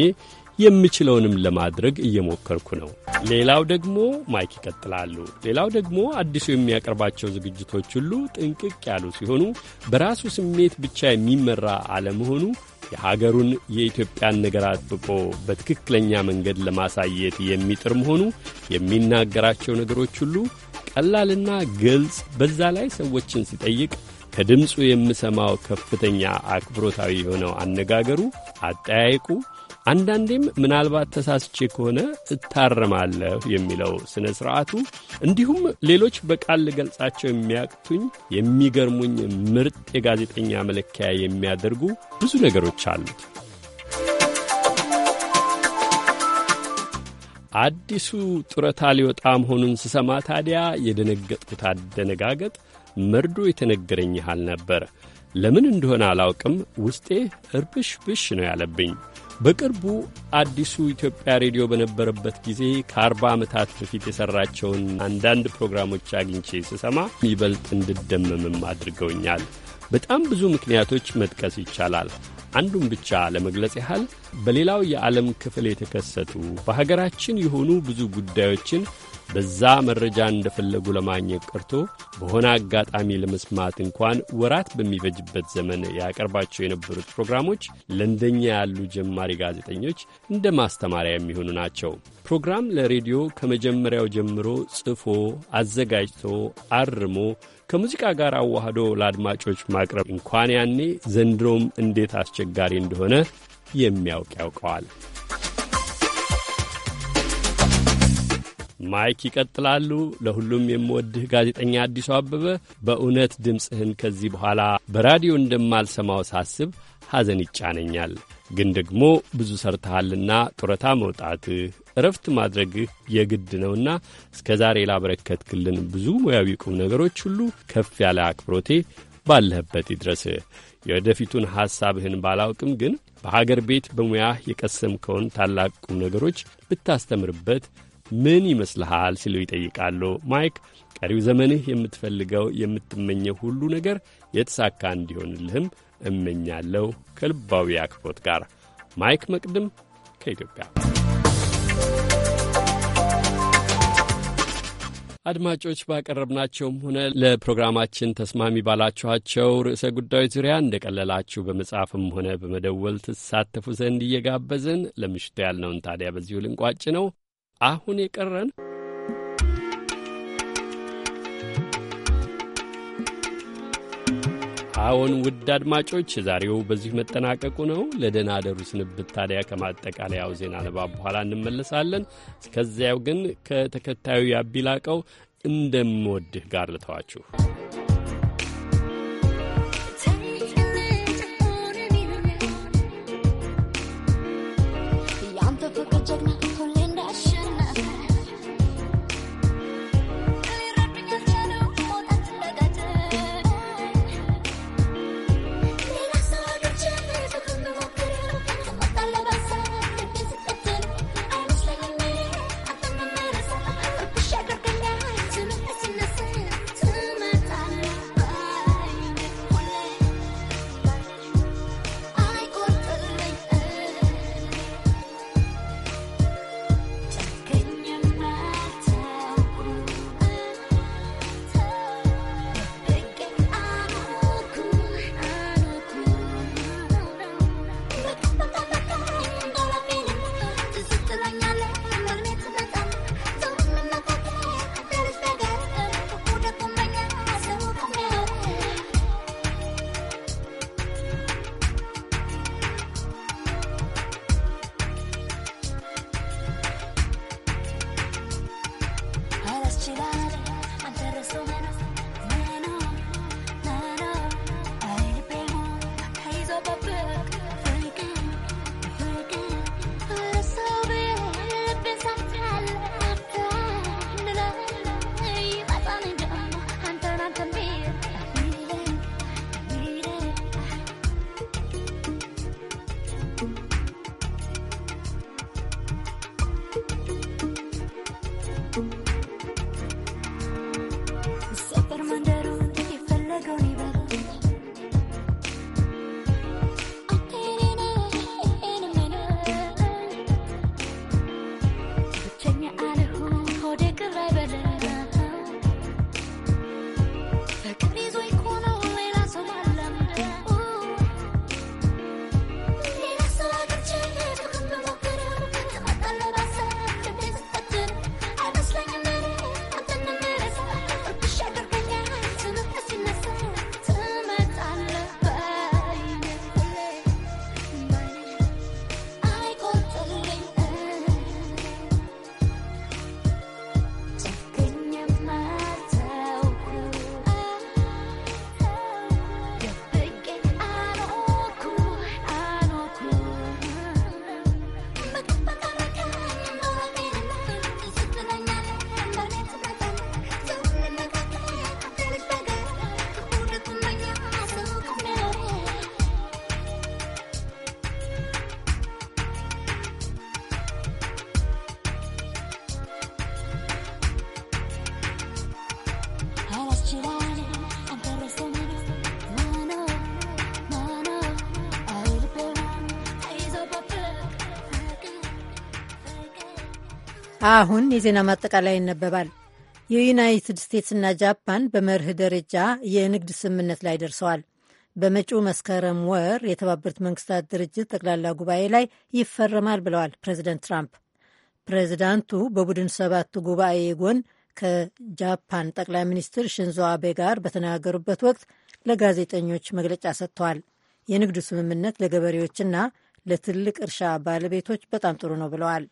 የምችለውንም ለማድረግ እየሞከርኩ ነው። ሌላው ደግሞ ማይክ ይቀጥላሉ። ሌላው ደግሞ አዲሱ የሚያቀርባቸው ዝግጅቶች ሁሉ ጥንቅቅ ያሉ ሲሆኑ በራሱ ስሜት ብቻ የሚመራ አለመሆኑ የሀገሩን የኢትዮጵያን ነገር አጥብቆ በትክክለኛ መንገድ ለማሳየት የሚጥር መሆኑ የሚናገራቸው ነገሮች ሁሉ ቀላልና ግልጽ፣ በዛ ላይ ሰዎችን ሲጠይቅ ከድምፁ የምሰማው ከፍተኛ አክብሮታዊ የሆነው አነጋገሩ፣ አጠያየቁ አንዳንዴም ምናልባት ተሳስቼ ከሆነ እታረማለሁ የሚለው ሥነ ሥርዓቱ እንዲሁም ሌሎች በቃል ልገልጻቸው የሚያቅቱኝ የሚገርሙኝ ምርጥ የጋዜጠኛ መለኪያ የሚያደርጉ ብዙ ነገሮች አሉት። አዲሱ ጡረታ ሊወጣ መሆኑን ስሰማ ታዲያ የደነገጥኩት አደነጋገጥ መርዶ የተነገረኝ ያህል ነበር። ለምን እንደሆነ አላውቅም፣ ውስጤ እርብሽ ብሽ ነው ያለብኝ። በቅርቡ አዲሱ ኢትዮጵያ ሬዲዮ በነበረበት ጊዜ ከአርባ ዓመታት በፊት የሠራቸውን አንዳንድ ፕሮግራሞች አግኝቼ ስሰማ ይበልጥ እንድደመምም አድርገውኛል። በጣም ብዙ ምክንያቶች መጥቀስ ይቻላል። አንዱን ብቻ ለመግለጽ ያህል በሌላው የዓለም ክፍል የተከሰቱ በሀገራችን የሆኑ ብዙ ጉዳዮችን በዛ መረጃ እንደፈለጉ ለማግኘት ቀርቶ በሆነ አጋጣሚ ለመስማት እንኳን ወራት በሚበጅበት ዘመን ያቀርባቸው የነበሩት ፕሮግራሞች ለእንደኛ ያሉ ጀማሪ ጋዜጠኞች እንደ ማስተማሪያ የሚሆኑ ናቸው። ፕሮግራም ለሬዲዮ ከመጀመሪያው ጀምሮ ጽፎ አዘጋጅቶ አርሞ ከሙዚቃ ጋር አዋህዶ ለአድማጮች ማቅረብ እንኳን ያኔ ዘንድሮም እንዴት አስቸጋሪ እንደሆነ የሚያውቅ ያውቀዋል። ማይክ ይቀጥላሉ። ለሁሉም የምወድህ ጋዜጠኛ አዲሱ አበበ፣ በእውነት ድምፅህን ከዚህ በኋላ በራዲዮ እንደማልሰማው ሳስብ ሐዘን ይጫነኛል። ግን ደግሞ ብዙ ሰርተሃልና ጡረታ መውጣትህ እረፍት ማድረግህ የግድ ነውና እስከ ዛሬ ላበረከትክልን ብዙ ሙያዊ ቁም ነገሮች ሁሉ ከፍ ያለ አክብሮቴ ባለህበት ይድረስህ። የወደፊቱን ሐሳብህን ባላውቅም ግን በሀገር ቤት በሙያህ የቀሰምከውን ታላቅ ቁም ነገሮች ብታስተምርበት ምን ይመስልሃል ሲሉ ይጠይቃሉ። ማይክ ቀሪው ዘመንህ የምትፈልገው የምትመኘው ሁሉ ነገር የተሳካ እንዲሆንልህም እመኛለሁ ከልባዊ አክብሮት ጋር ማይክ መቅድም ከኢትዮጵያ። አድማጮች ባቀረብናቸውም ሆነ ለፕሮግራማችን ተስማሚ ባላችኋቸው ርዕሰ ጉዳዮች ዙሪያ ቀለላችሁ በመጻፍም ሆነ በመደወል ትሳተፉ ዘንድ እየጋበዝን ለምሽቱ ያልነውን ታዲያ በዚሁ ልንቋጭ ነው። አሁን የቀረን አዎን ውድ አድማጮች፣ ዛሬው በዚህ መጠናቀቁ ነው። አደሩ ስንብት ታዲያ ከማጠቃለያው ዜና ንባብ በኋላ እንመለሳለን። እስከዚያው ግን ከተከታዩ ያቢላቀው እንደምወድህ ጋር ልተዋችሁ። አሁን የዜና ማጠቃለያ ይነበባል። የዩናይትድ ስቴትስና ጃፓን በመርህ ደረጃ የንግድ ስምምነት ላይ ደርሰዋል። በመጪው መስከረም ወር የተባበሩት መንግስታት ድርጅት ጠቅላላ ጉባኤ ላይ ይፈረማል ብለዋል ፕሬዚደንት ትራምፕ። ፕሬዚዳንቱ በቡድን ሰባት ጉባኤ ጎን ከጃፓን ጠቅላይ ሚኒስትር ሽንዞ አቤ ጋር በተነጋገሩበት ወቅት ለጋዜጠኞች መግለጫ ሰጥተዋል። የንግዱ ስምምነት ለገበሬዎችና ለትልቅ እርሻ ባለቤቶች በጣም ጥሩ ነው ብለዋል።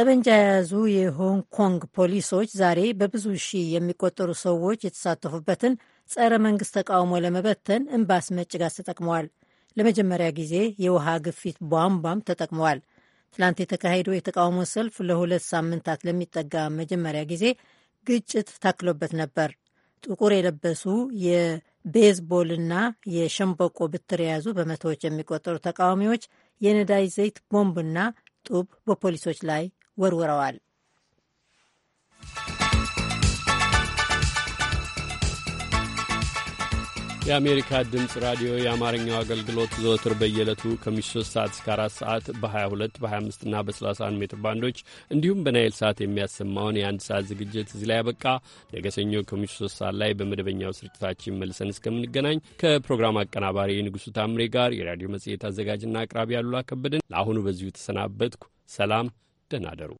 ጠመንጃ የያዙ የሆንግ ኮንግ ፖሊሶች ዛሬ በብዙ ሺህ የሚቆጠሩ ሰዎች የተሳተፉበትን ጸረ መንግስት ተቃውሞ ለመበተን እምባስ አስመጪ ተጠቅመዋል። ለመጀመሪያ ጊዜ የውሃ ግፊት ቧንቧም ተጠቅመዋል። ትላንት የተካሄደው የተቃውሞ ሰልፍ ለሁለት ሳምንታት ለሚጠጋ መጀመሪያ ጊዜ ግጭት ታክሎበት ነበር። ጥቁር የለበሱ የቤዝቦልና የሸምበቆ ብትር የያዙ በመቶዎች የሚቆጠሩ ተቃዋሚዎች የነዳጅ ዘይት ቦምብና ጡብ በፖሊሶች ላይ ወርውረዋል። የአሜሪካ ድምፅ ራዲዮ የአማርኛው አገልግሎት ዘወትር በየዕለቱ ከምሽቱ 3 ሰዓት እስከ 4 ሰዓት በ22 በ25 እና በ31 ሜትር ባንዶች እንዲሁም በናይል ሰዓት የሚያሰማውን የአንድ ሰዓት ዝግጅት እዚህ ላይ ያበቃ። ነገ ሰኞ ከምሽቱ 3 ሰዓት ላይ በመደበኛው ስርጭታችን መልሰን እስከምንገናኝ ከፕሮግራም አቀናባሪ ንጉሡ ታምሬ ጋር የራዲዮ መጽሔት አዘጋጅና አቅራቢ ያሉላ ከበደን ለአሁኑ በዚሁ ተሰናበትኩ። ሰላም፣ ደህና